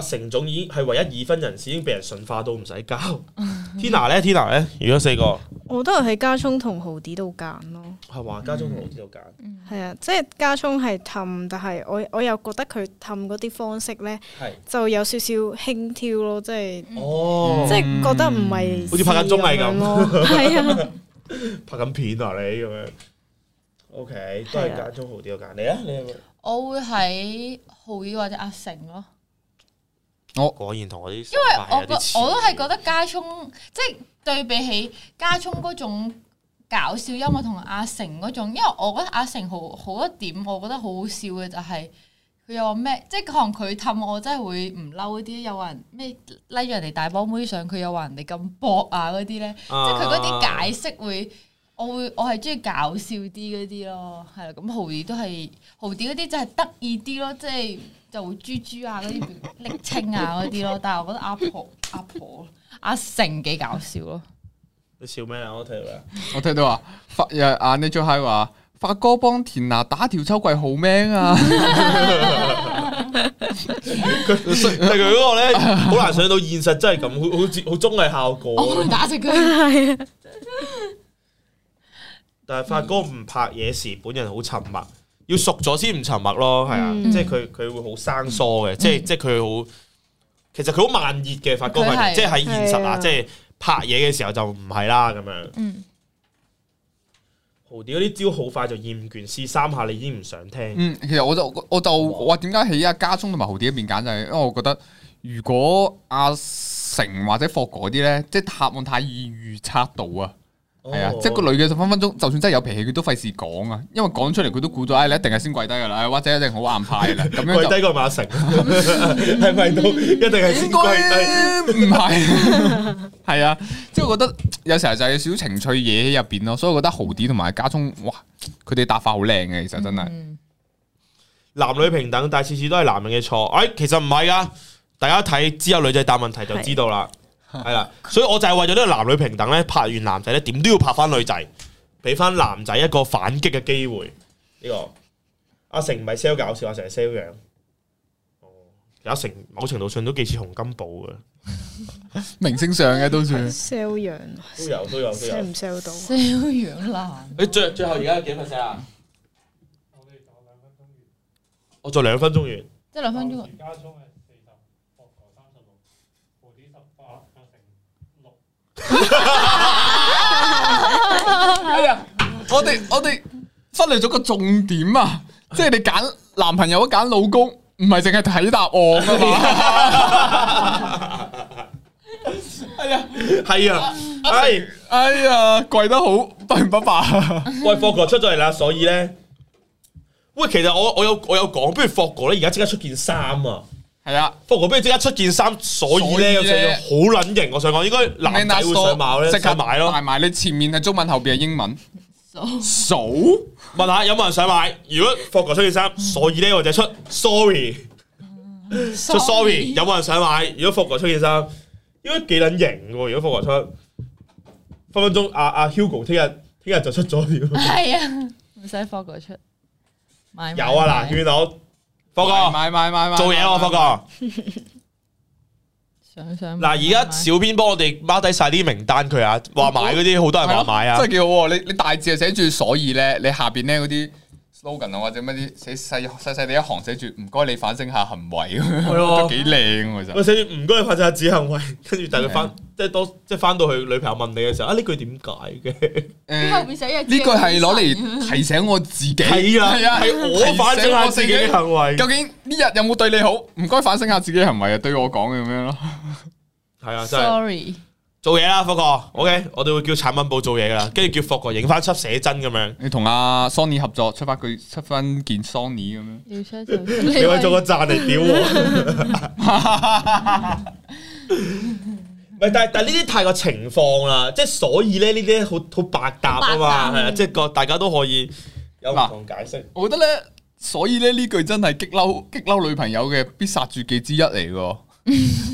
成總已經係唯一已婚人士，已經被人馴化到唔使交。 Tina 咧，Tina 咧，如果四個，我都係喺加聰同豪啲度揀咯。係話加聰同豪啲度揀，係、嗯、啊，即係加聰係氹，但係我我又覺得佢氹嗰啲方式咧，是就有少少輕佻咯，即係，嗯、即係覺得唔係好似拍緊綜藝咁咯，係啊，啊拍緊片啊你咁樣，O K，都係加聰豪啲度揀，你啊、okay, 你我會喺豪啲或者阿成咯。我果然同我啲，因為我，我覺我都係覺得家聰，即係對比起家聰嗰種搞笑幽默，同阿成嗰種，因為我覺得阿成好好一點，我覺得好好笑嘅就係佢又話咩，即係可能佢氹我真，真係會唔嬲啲，又話人咩拉住人哋大波妹上，佢又話人哋咁薄啊嗰啲咧，即係佢嗰啲解釋會。啊我會，我係鍾意搞笑啲嗰啲咯，係啦。咁豪子都係豪子嗰啲真係得意啲咯，即係做豬豬啊嗰啲拎青啊嗰啲咯。但係我覺得阿婆、阿婆、阿成幾搞笑咯。你笑咩啊？我睇到我聽到話發啊阿 Nick、啊、最 high 話發哥幫田娜打條秋葵好 man 啊！佢佢嗰個咧好難想到現實真係咁，好好似好綜藝效果。我打隻佢。係啊！但係發哥唔拍嘢時，本人好沉默，要熟咗先唔沉默咯，係啊，嗯、即係佢佢會好生疏嘅，嗯、即係即係佢好，其實佢好慢熱嘅發哥係，是即係喺現實啊，的即係拍嘢嘅時候就唔係啦咁樣。嗯、豪啲嗰啲招好快就厭倦，試三下你已經唔想聽、嗯。其實我就我就我點解喺阿家聰同埋豪啲一邊揀就係、是，因為我覺得如果阿成或者霍哥啲咧，即、就、係、是、答案太易預測到啊。係啊，哦、即係個女嘅十分分鐘，就算真係有脾氣，佢都費事講啊，因為講出嚟佢都估咗，哎，你一定係先跪低噶啦，或者一定好硬派噶啦，咁樣 跪低個馬成，係咪 都一定係先跪低？唔係 不是，係 啊， 即係我覺得有時候就係有少少情趣嘢喺入邊咯，所以我覺得豪 D 同埋家聰，哇，佢哋答法好靚嘅，其實真係。嗯、男女平等，但係次次都係男人嘅錯。哎，其實唔係噶，大家睇只有女仔答問題就知道啦。係啦，所以我就係為咗呢個男女平等咧，拍完男仔咧，點都要拍翻女仔，俾翻男仔一個反擊嘅機會。呢個阿成唔係 sell 搞笑，阿成係 sell 樣。哦，阿成某程度上都幾似洪金寶嘅 明星上嘅都算 sell 樣售，都有都有，sell 唔 sell 到 sell 樣啦。你最最後而家幾分成啊？ 我做兩分鐘完，即係兩分鐘、這個。 哎呀！我哋我哋忽略咗個重點啊，即係你揀男朋友都揀老公，唔係淨係睇答案哎呀，係、 哎、呀啊，哎哎呀，跪得好不倫不類。喂，霍哥出咗嚟啦，所以咧，喂，其實我我有我有講，不如霍哥咧，而家即刻出件衫啊！係啊，福哥不如即刻出件衫，所以咧好捻型。我想講，應該難睇會想買咧，即刻買咯。買埋你前面係中文後面，後邊係英文。So. so 問下有冇人想買？如果福哥出件衫，所以咧我就出 sorry，sorry. 出 sorry 有冇人想買？如果福哥出件衫，應該幾捻型嘅。如果福哥出，分分鐘阿阿 Hugo 聽日聽日就出咗添。係 啊，唔使福哥出，買有啊嗱，邊度買。買火哥，買買買買，買,買做，做嘢咯，火哥。 想想嗱，而家小編幫我哋 mark 低晒啲名單佢啊，話買嗰啲好多人話買啊，嗯嗯、真係幾好。嗯、你你大字啊寫住，所以咧，你下邊咧嗰啲。l o g a n 啊，Logan, 或者乜啲細細細細地一行寫住唔該你反省下行為，幾靚、啊、其實。我寫住唔該你反省下自己行為，跟住第日翻，即係多，即係翻到去女朋友問你嘅時候，啊，呢句點解嘅？呢、嗯、個唔寫呢個係攞嚟提醒我自己啊！係啊，係我反省下自己行為。究竟呢日有冇對你好？唔該反省下自己行為，對我講嘅咁樣咯。係啊、就是、，sorry 做嘢啦，福哥，OK，我哋會叫產品部做嘢噶啦，跟住叫福哥影翻出寫真咁樣。你同阿 Sony 合作出翻佢出翻件 Sony 咁樣。你出做，你為個讚嚟屌？喂，但係但係呢啲太過情況啦，即係所以咧呢啲好好百搭啊嘛，係啊，即係個大家都可以有唔同解釋。我覺得咧，所以咧呢句真係激嬲激嬲女朋友嘅必殺絕技之一嚟噶。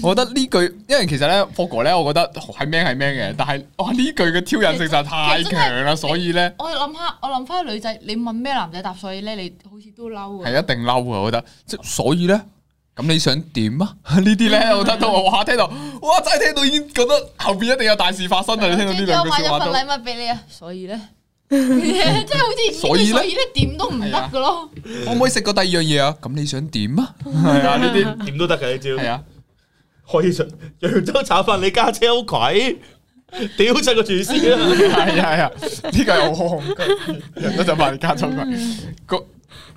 我覺得呢句，因為其實咧，霍哥咧，我覺得係 man 係 man 嘅，但係哇呢句嘅挑釁性實在太強啦，所以咧，我諗下，我諗翻女仔，你問咩男仔答，所以咧，你好似都嬲，係一定嬲啊！我覺得，即所以咧，咁你想點啊？呢啲咧，我覺得都我哇聽到，哇真係聽到已經覺得後邊一定有大事發生啦！你聽到呢兩買咗份禮物俾你啊！所以咧，即係好似所以咧點都唔得噶咯，可唔可以食個第二樣嘢啊？咁你想點啊？係啊，呢啲點都得嘅，呢招係啊。可以食揚州炒飯？你加車屋鬼？屌晒個廚師啦！係啊係啊，呢、 嗯、個係好恐懼揚州炒飯，你加車屋葵，個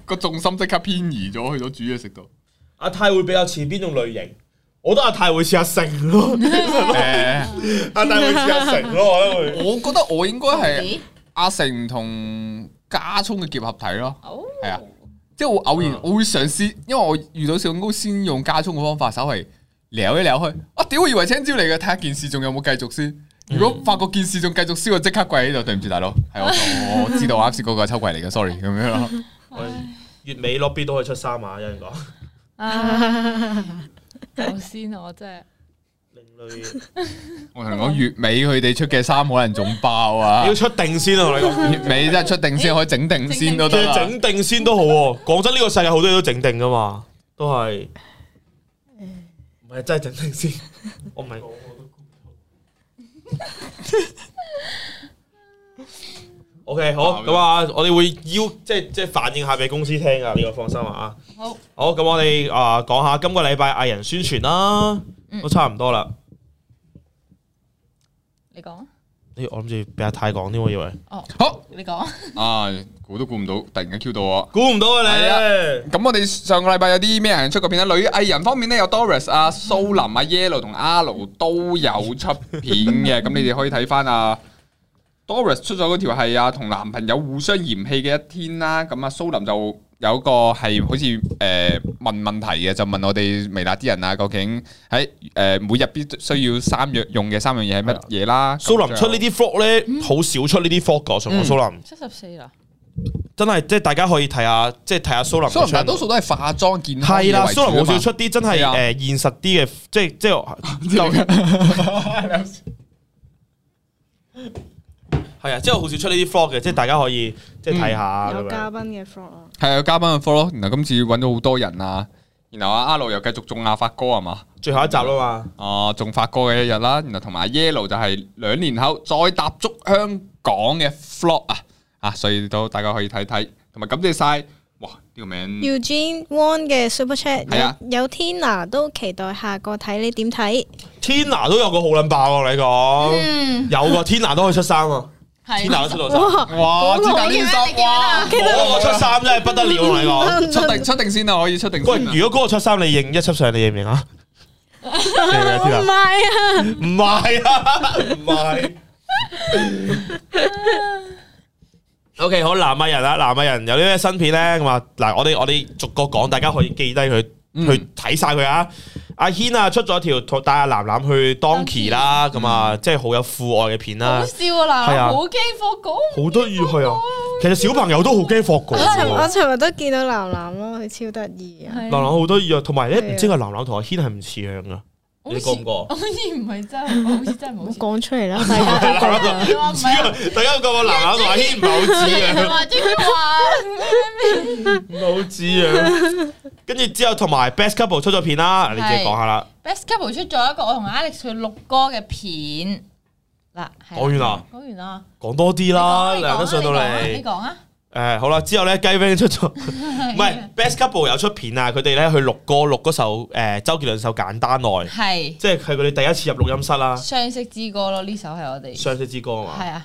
個重心即刻偏移咗去咗煮嘢食度。阿泰會比較似邊種類型？我覺得阿泰會似阿成咯，阿泰、 啊、會似阿成咯，我覺得我覺得我應該係阿成同加蔥嘅結合體咯，係、oh. 啊，即係我偶然我會嘗試，因為我遇到小高先用加蔥嘅方法，稍為。撩一撩開，我屌，以為青椒嚟嘅，睇下件事仲有冇繼續先。如果發覺件事仲繼續燒，我即刻跪喺度，對唔住大佬，係我我知道啱先嗰個抽櫃嚟嘅，sorry 咁樣咯。我月尾落邊都可以出衫啊！有人講，頭先我真係另類。我同你講，月尾佢哋出嘅衫可能仲爆啊！要出定先啊！月尾真係出定先，可以整定先都得，整定先都好。講真，呢個世界好多嘢都整定噶嘛，都係。我哋真係整定先，我唔係。 o、okay, K，好，咁啊，我哋會邀即係即係反映下俾公司聽啊，你、這、又、個、放心啊，啊，好，好，咁我哋啊講下今個禮拜藝人宣傳啦，嗯、都差唔多啦。你講。我諗住俾阿泰講啲，我以為。哦，好，你講說。 啊，估都估唔到，突然間 Q 到我，估唔到啊你。咁、啊、我哋上個禮拜有啲咩人出過片啊？女藝人方面咧，有 Doris 啊、蘇林啊、Yellow 同 Alu 都有出片嘅，咁 你哋可以睇翻啊。Doris 出咗嗰條係啊，同男朋友互相嫌棄嘅一天啦。咁啊，蘇林就有個係好似誒問問題嘅，就問我哋微辣啲人啊，究竟喺誒每日必須要三，用三的樣用嘅三樣嘢係乜嘢啦？蘇林出呢啲 vlog 咧，好少出呢啲 vlog 個數。蘇林七十四啦，嗯、真係即係大家可以睇下，即係睇下蘇林。蘇林大多數都係化妝見係啦。蘇的林好少出啲真係誒現實啲嘅的，即即係。 係啊，之後好少出呢啲 vlog 嘅，即係大家可以即係睇下有嘉賓嘅 vlog 咯，係啊，有嘉賓嘅 vlog 然後今次揾咗好多人啊，然後阿阿樂又繼續中阿發哥係嘛，最後一集咯嘛，哦、呃，仲發哥嘅一日啦。然後同埋 Yellow 就係兩年後再踏足香港嘅 vlog 啊，啊，所以都大家可以睇睇，同埋感謝晒哇呢、呢個名 Eugene Wong 嘅 Super Chat 係啊，有 Tina 都期待下個睇，你點睇 Tina 都有個好撚爆、啊、你講，嗯、有個 Tina 都可以出生啊！天藍出到衫，哇！嗰個出衫真係不得了，你 出定出定先啦、啊，我要出定先、啊。喂，如果嗰個出衫你認一出上你唔認名認 啊？係咪天藍？唔係啊，唔係啊，唔係。OK，好，南亞人啊，南亞人有啲咩新片咧？咁啊，嗱，我哋我哋逐個講，大家可以記低佢。去睇晒佢啊！阿軒啊，出咗條帶阿楠楠去 Donkey 啦、嗯，咁啊，即係好有父愛嘅片啦。好笑啊！楠楠好驚放過，好得意係啊！其實小朋友都好驚放過。我我尋，尋日都見到楠楠咯，佢超得意啊！楠楠好得意啊！同埋咧，唔知係楠楠同阿軒係唔似樣啊！你講唔講，好似唔係真，好似真唔好講出嚟啦，唔係，大家我南南話阿軒唔好知啊，話啲話唔好知啊。跟住之後同埋 Best Couple 出咗片啦，你自己講下啦。Best Couple 出咗一個我同 Alex 去錄歌嘅片，嗱講完啦，講完啦，講多啲啦，兩人都上到嚟，你講啊。誒、嗯，好啦，之後咧，雞 wing 出咗，唔係 best couple 有出片啊，佢哋咧去錄歌，錄嗰首誒周杰倫首簡單愛，係是，即係佢哋第一次入錄音室啦。相識之歌咯，呢首係我哋。相識之歌啊。係啊，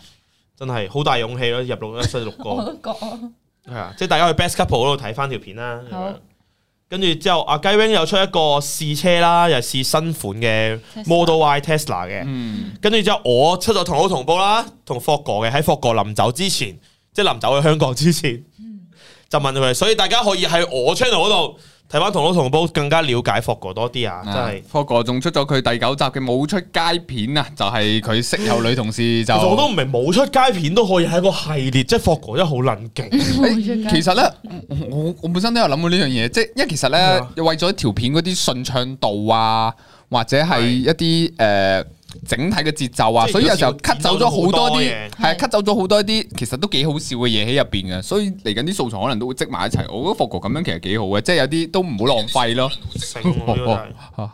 真係好大勇氣咯，入錄音室錄歌。 我都說啊，即係大家去 best couple 度睇翻條片啦。跟住好之後，阿雞 wing 又出一個試車啦，又試新款嘅 Model Y Tesla 嘅、嗯。跟住之後，我出咗同我同步啦，同霍哥嘅喺霍哥臨走之前。即係臨走去香港之前，就問佢，所以大家可以喺我 channel 嗰度睇翻同屋同煲，更加了解霍哥多啲啊！真係、就係、霍哥仲出咗佢第九集嘅《冇出街片》啊，就係佢識有女同事，就我都唔明《冇出街片》都可以係一個系列，即係霍哥真係好能勁。 其實咧，我我本身都有諗過呢樣嘢，即係因為其實咧，為咗條片嗰啲順暢度啊，或者係一啲誒。的整體嘅節奏啊，所以有時候 cut 走咗好多啲，係啊，cut 走咗好多啲，多其實都幾好笑嘅嘢喺入邊嘅，所以嚟緊啲素材可能都會積埋一齊。我覺得 Fogo 咁樣其實幾好嘅，即係有啲都唔好浪費咯。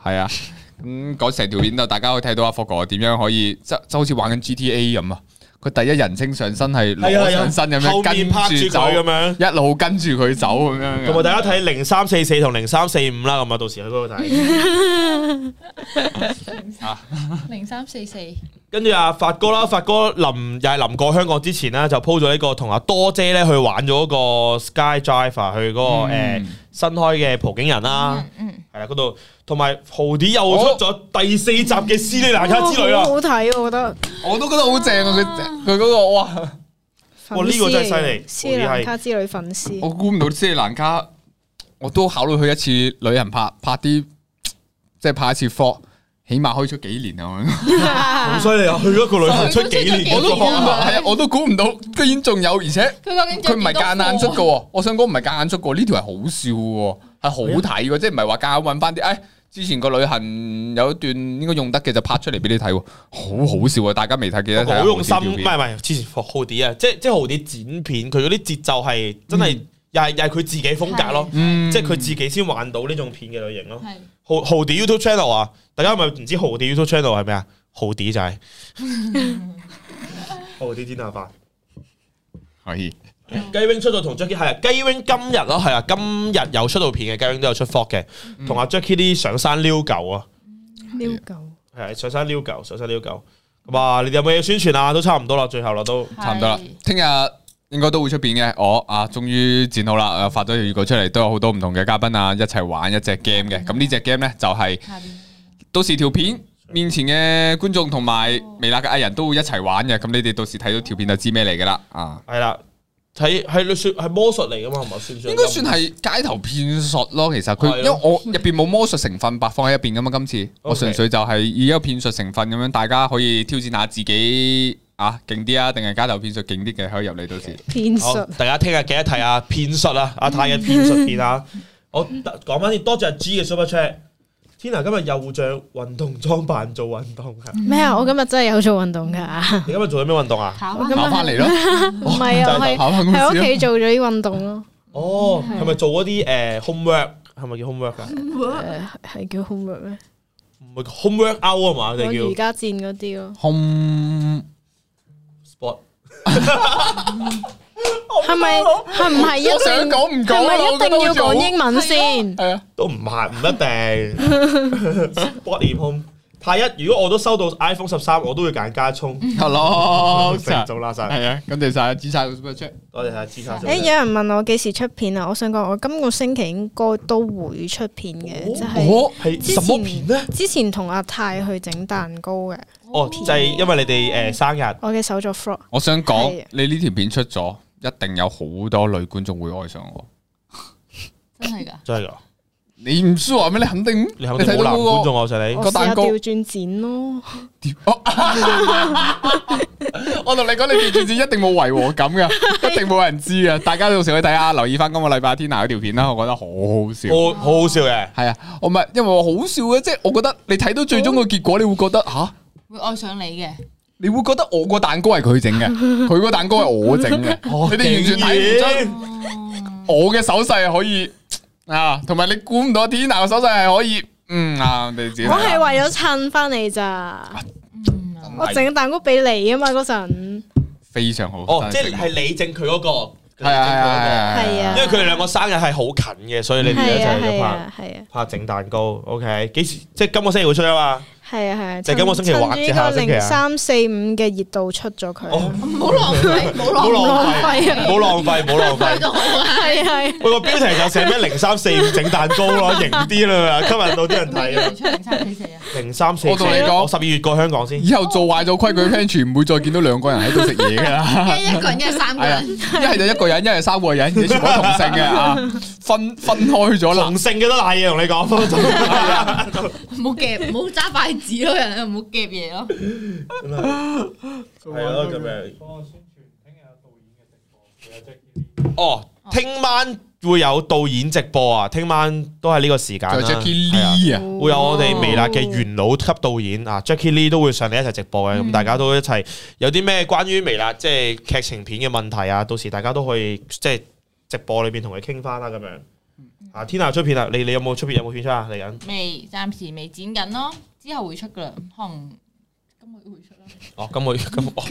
係啊，咁、嗯、講成條片就大家可以睇到阿 Fogo 點樣可以即係好似玩緊 GTA 咁啊。佢第一人稱上身係裸上身咁樣，的跟後面拍住佢咁樣，一路跟住佢走咁樣。同埋、嗯、樣大家睇零三四四同零三四五啦，咁啊， 到時去嗰度睇。零三四四。跟住阿法哥啦，法哥臨又係臨過香港之前咧，就 po 咗、這個、一個同阿多姐咧去玩、那、咗個 Sky Driver 去嗰個誒新開嘅葡京人啦，係啦嗰度，同埋豪啲又出咗第四集嘅斯里蘭卡之旅啊，哦哦、好睇我覺得，我都覺得好正啊佢佢嗰個哇，我呢、這個真係犀利，斯里蘭卡之旅粉絲、哦，我估唔到斯里蘭卡，我都考慮去一次旅行拍拍啲，即係拍一次貨。起碼可以出幾年啊！好犀利啊！去一個旅行出幾年嗰個，係啊，我都估唔到，居然仲有，而且佢唔係夾硬出嘅。我想講唔係夾硬出過，呢條係好笑，係好睇嘅，即係唔係話夾硬揾翻啲。哎，之前個旅行有一段應該用得嘅，就拍出嚟俾你睇，好好笑啊！大家未睇記得睇。好用心，唔係唔係，之前服好啲啊，即係即係好啲剪片，佢嗰啲節奏係真係。嗯.又係又係佢自己風格咯，的即係佢自己先玩到呢種片嘅類型咯。的浩迪 YouTube channel 啊，大家係咪唔知浩迪 YouTube channel 係咩啊？浩迪仔，就係 浩迪天下飯，可以。雞 wing 出到同 Jacky 係啊，雞 wing 今日咯，係啊，今日有出到片嘅雞 wing 都有出 foot 嘅，同阿 Jacky 啲上山溜狗啊，溜狗舊，係上山溜狗，上山溜狗。咁啊，你哋有冇嘢宣傳啊？都差唔多啦，最後啦，都差唔多啦。聽日的。應該都會出片嘅，我、哦、啊終於剪好啦，誒發咗條預告出嚟，都有好多唔同嘅嘉賓啊，一齊玩一隻 game 嘅，咁呢隻 game 呢，就係、是、下面 到時條片面前嘅觀眾同埋微辣嘅藝人都會一齊玩嘅，咁、哦、你哋到時睇到條片就知咩嚟噶啦。啊係啦，睇係算係魔術嚟噶嘛，係、嗯、咪？應該算係街頭騙術咯，其實佢因為我入邊冇魔術成分擺放喺入邊噶嘛，今次、嗯、我純粹就係以一個騙術成分咁樣，大家可以挑戰下自己。Okay. 啊，勁啲啊，定係街頭騙術勁啲嘅可以入嚟到時。大家聽日記得睇下騙術啊，阿泰嘅騙術片啊。我講翻啲多謝阿 G 嘅 Super Chat，天啊，今日又着運動裝扮做運動啊。咩啊？我今日真係有做運動噶。你今日做咗咩運動啊？跑啊！跑翻嚟咯，唔係啊，係喺屋企做咗啲運動咯。哦，係咪做嗰啲誒 homework？係咪叫 homework？係叫 homework 咩？唔係 homework out 啊嘛，我哋瑜伽墊嗰啲咯。係咪係唔係一定講唔講？係咪一定要講英文先？係啊，啊都唔係唔一定。Body home，泰一，如果我都收到 iPhone 十三，我都會揀加充。係咯 Hello,，成組拉晒。係啊，咁就晒資產嗰啲，咩多謝晒支持，哎、有人問我幾時出片啊？我想講，我今個星期應該都會出片嘅，即係我係什麼片之前同阿泰去整蛋糕嘅。哦，就係因為你哋誒生日，我嘅手作，我想講你呢條片出咗，一定有好多女觀眾會愛上我。真係噶？真係噶？你唔說話咩？你肯定你肯定好男觀眾愛上你個蛋糕。要轉剪咯。我同你講，你轉剪一定冇違和感噶，一定冇人知啊！大家到時去睇下，留意翻今個禮拜天嗰條片啦。我覺得好好笑，好好笑嘅。係啊，我唔係，因為我好笑嘅，即係我覺得你睇到最終個結果，你會覺得吓。會愛上你嘅，你會覺得我個蛋糕係佢整嘅，佢個蛋糕係我整嘅，你哋完全睇唔準。我嘅手勢可以啊，同埋你估唔到天 i 嘅手勢係可以，嗯啊，你哋我係為咗襯翻你咋，我整蛋糕俾你啊嘛，嗰陣非常好哦，即係係你整佢嗰個，係啊係啊係啊，因為佢哋兩個生日係好近嘅，所以你哋一齊拍拍整蛋糕。OK，幾時？即係今個星期會出啊嘛。係啊係啊，就咁我星期玩之後零三四五嘅熱度出咗佢，唔好浪費，唔好浪費啊！唔好浪費，唔好浪費，係係。我個標題就寫咩零三四五整蛋糕咯，型啲啦嘛。吸引到啲人睇零三四四啊。零三四四我同你講，十二月過香港先。以後做壞咗規矩，完全唔會再見到兩個人喺度食嘢㗎啦。一係一個人，一係三個人。一係就一個人，一係三個人，而且全部同性嘅分分開咗啦。同性嘅都難嘢，同你講。冇夾，好揸快。指咯，人你唔好夾嘢咯。係啊，咁樣、嗯。哦，聽晚會有導演直播啊！聽晚都係呢個時間。Jackie Lee 啊，Lee 啊會有我哋微辣嘅元老級導演、哦、啊，Jackie Lee 都會上嚟一齊直播嘅。咁、嗯、大家都一齊有啲咩關於微辣即係、就是、劇情片嘅問題啊？到時大家都可以即係、就是、直播裏邊同佢傾翻啦。咁樣啊，天啊，嗯啊 Tina，出片啦！你你，你有冇出片？有冇片出啊？嚟緊未？暫時未剪緊咯。之後會出噶啦，可能今個月會出啦。哦，今個月，今個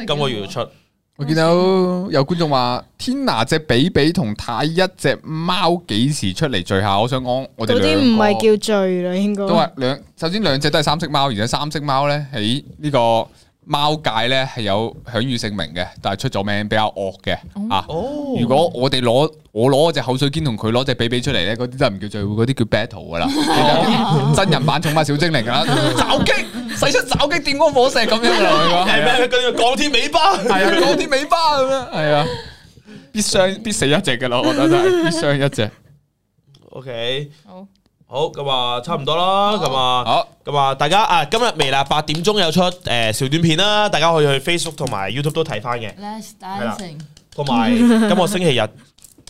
月， 今個月會出。我見到有觀眾話， Tina 隻比比同泰一隻貓幾時出嚟聚下？我想講，我哋嗰啲唔係叫聚啦，應該。都係兩，首先兩隻都係三色貓，而且三色貓咧喺呢、這個。貓界咧係有享有盛名嘅，但係出咗名比較惡嘅啊！哦、如果我哋攞我攞隻口水堅同佢攞隻比比出嚟咧，嗰啲都唔叫聚會，嗰啲叫 battle 噶啦，哦、真人版寵物小精靈啦，爪擊使出爪擊電光火石咁樣啦，係咪啊？跟住鋼鐵尾巴，係啊，鋼鐵尾巴咁樣，係啊，啊必傷必死一隻嘅咯，我覺得係必傷一隻。OK，好。好咁啊，差唔多啦，咁啊，咁啊，大家啊，今日微辣，八點鐘有出誒、呃、小短片啦，大家可以去 Facebook 同埋 YouTube 都睇翻嘅，同埋 Less dancing. 今個星期日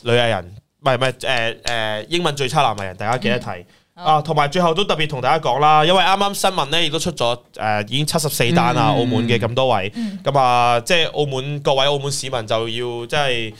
女藝人，唔係唔係誒誒英文最差男藝人，大家記得睇、嗯、啊，同埋最後都特別同大家講啦，因為啱啱新聞咧亦都出咗誒、呃，已經七十四單啦，澳門嘅咁多位，咁啊、嗯，即係、嗯、澳門各位澳門市民就要即係。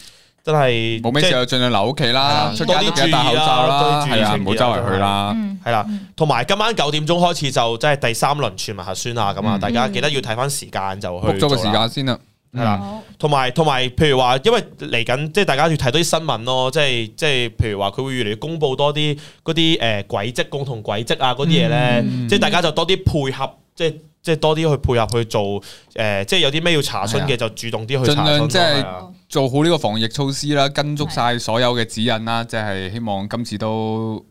真係冇咩事就盡量留屋企啦，出街都記得戴口罩啦，係啊，唔好周圍去啦。係啦，同埋今晚九點鐘開始就即係第三輪全民核酸啊，咁啊，大家記得要睇翻時間就去。卜咗個時間先啦，係啦，同埋同埋，譬如話，因為嚟緊即係大家要睇到啲新聞咯，即係即係，譬如話佢會越嚟越公布多啲嗰啲誒軌跡共同軌跡啊嗰啲嘢咧，即係大家就多啲配合即係。即係多啲去配合去做，誒、呃，即係有啲咩要查詢嘅的就主動啲去查詢。盡量即係做好呢個防疫措施啦，跟足晒所有嘅指引啦，的即係希望今次都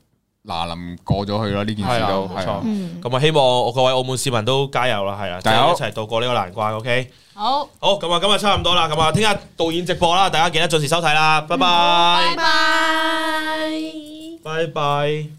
嗱臨過咗去啦。呢的件事都，冇錯，咁啊，希望各位澳門市民都加油啦，係啊，油大家一齊度過呢個難關。OK，好好，咁啊，今日差唔多啦，咁啊，聽日導演直播啦，大家記得準時收睇啦，拜拜，拜拜，拜拜。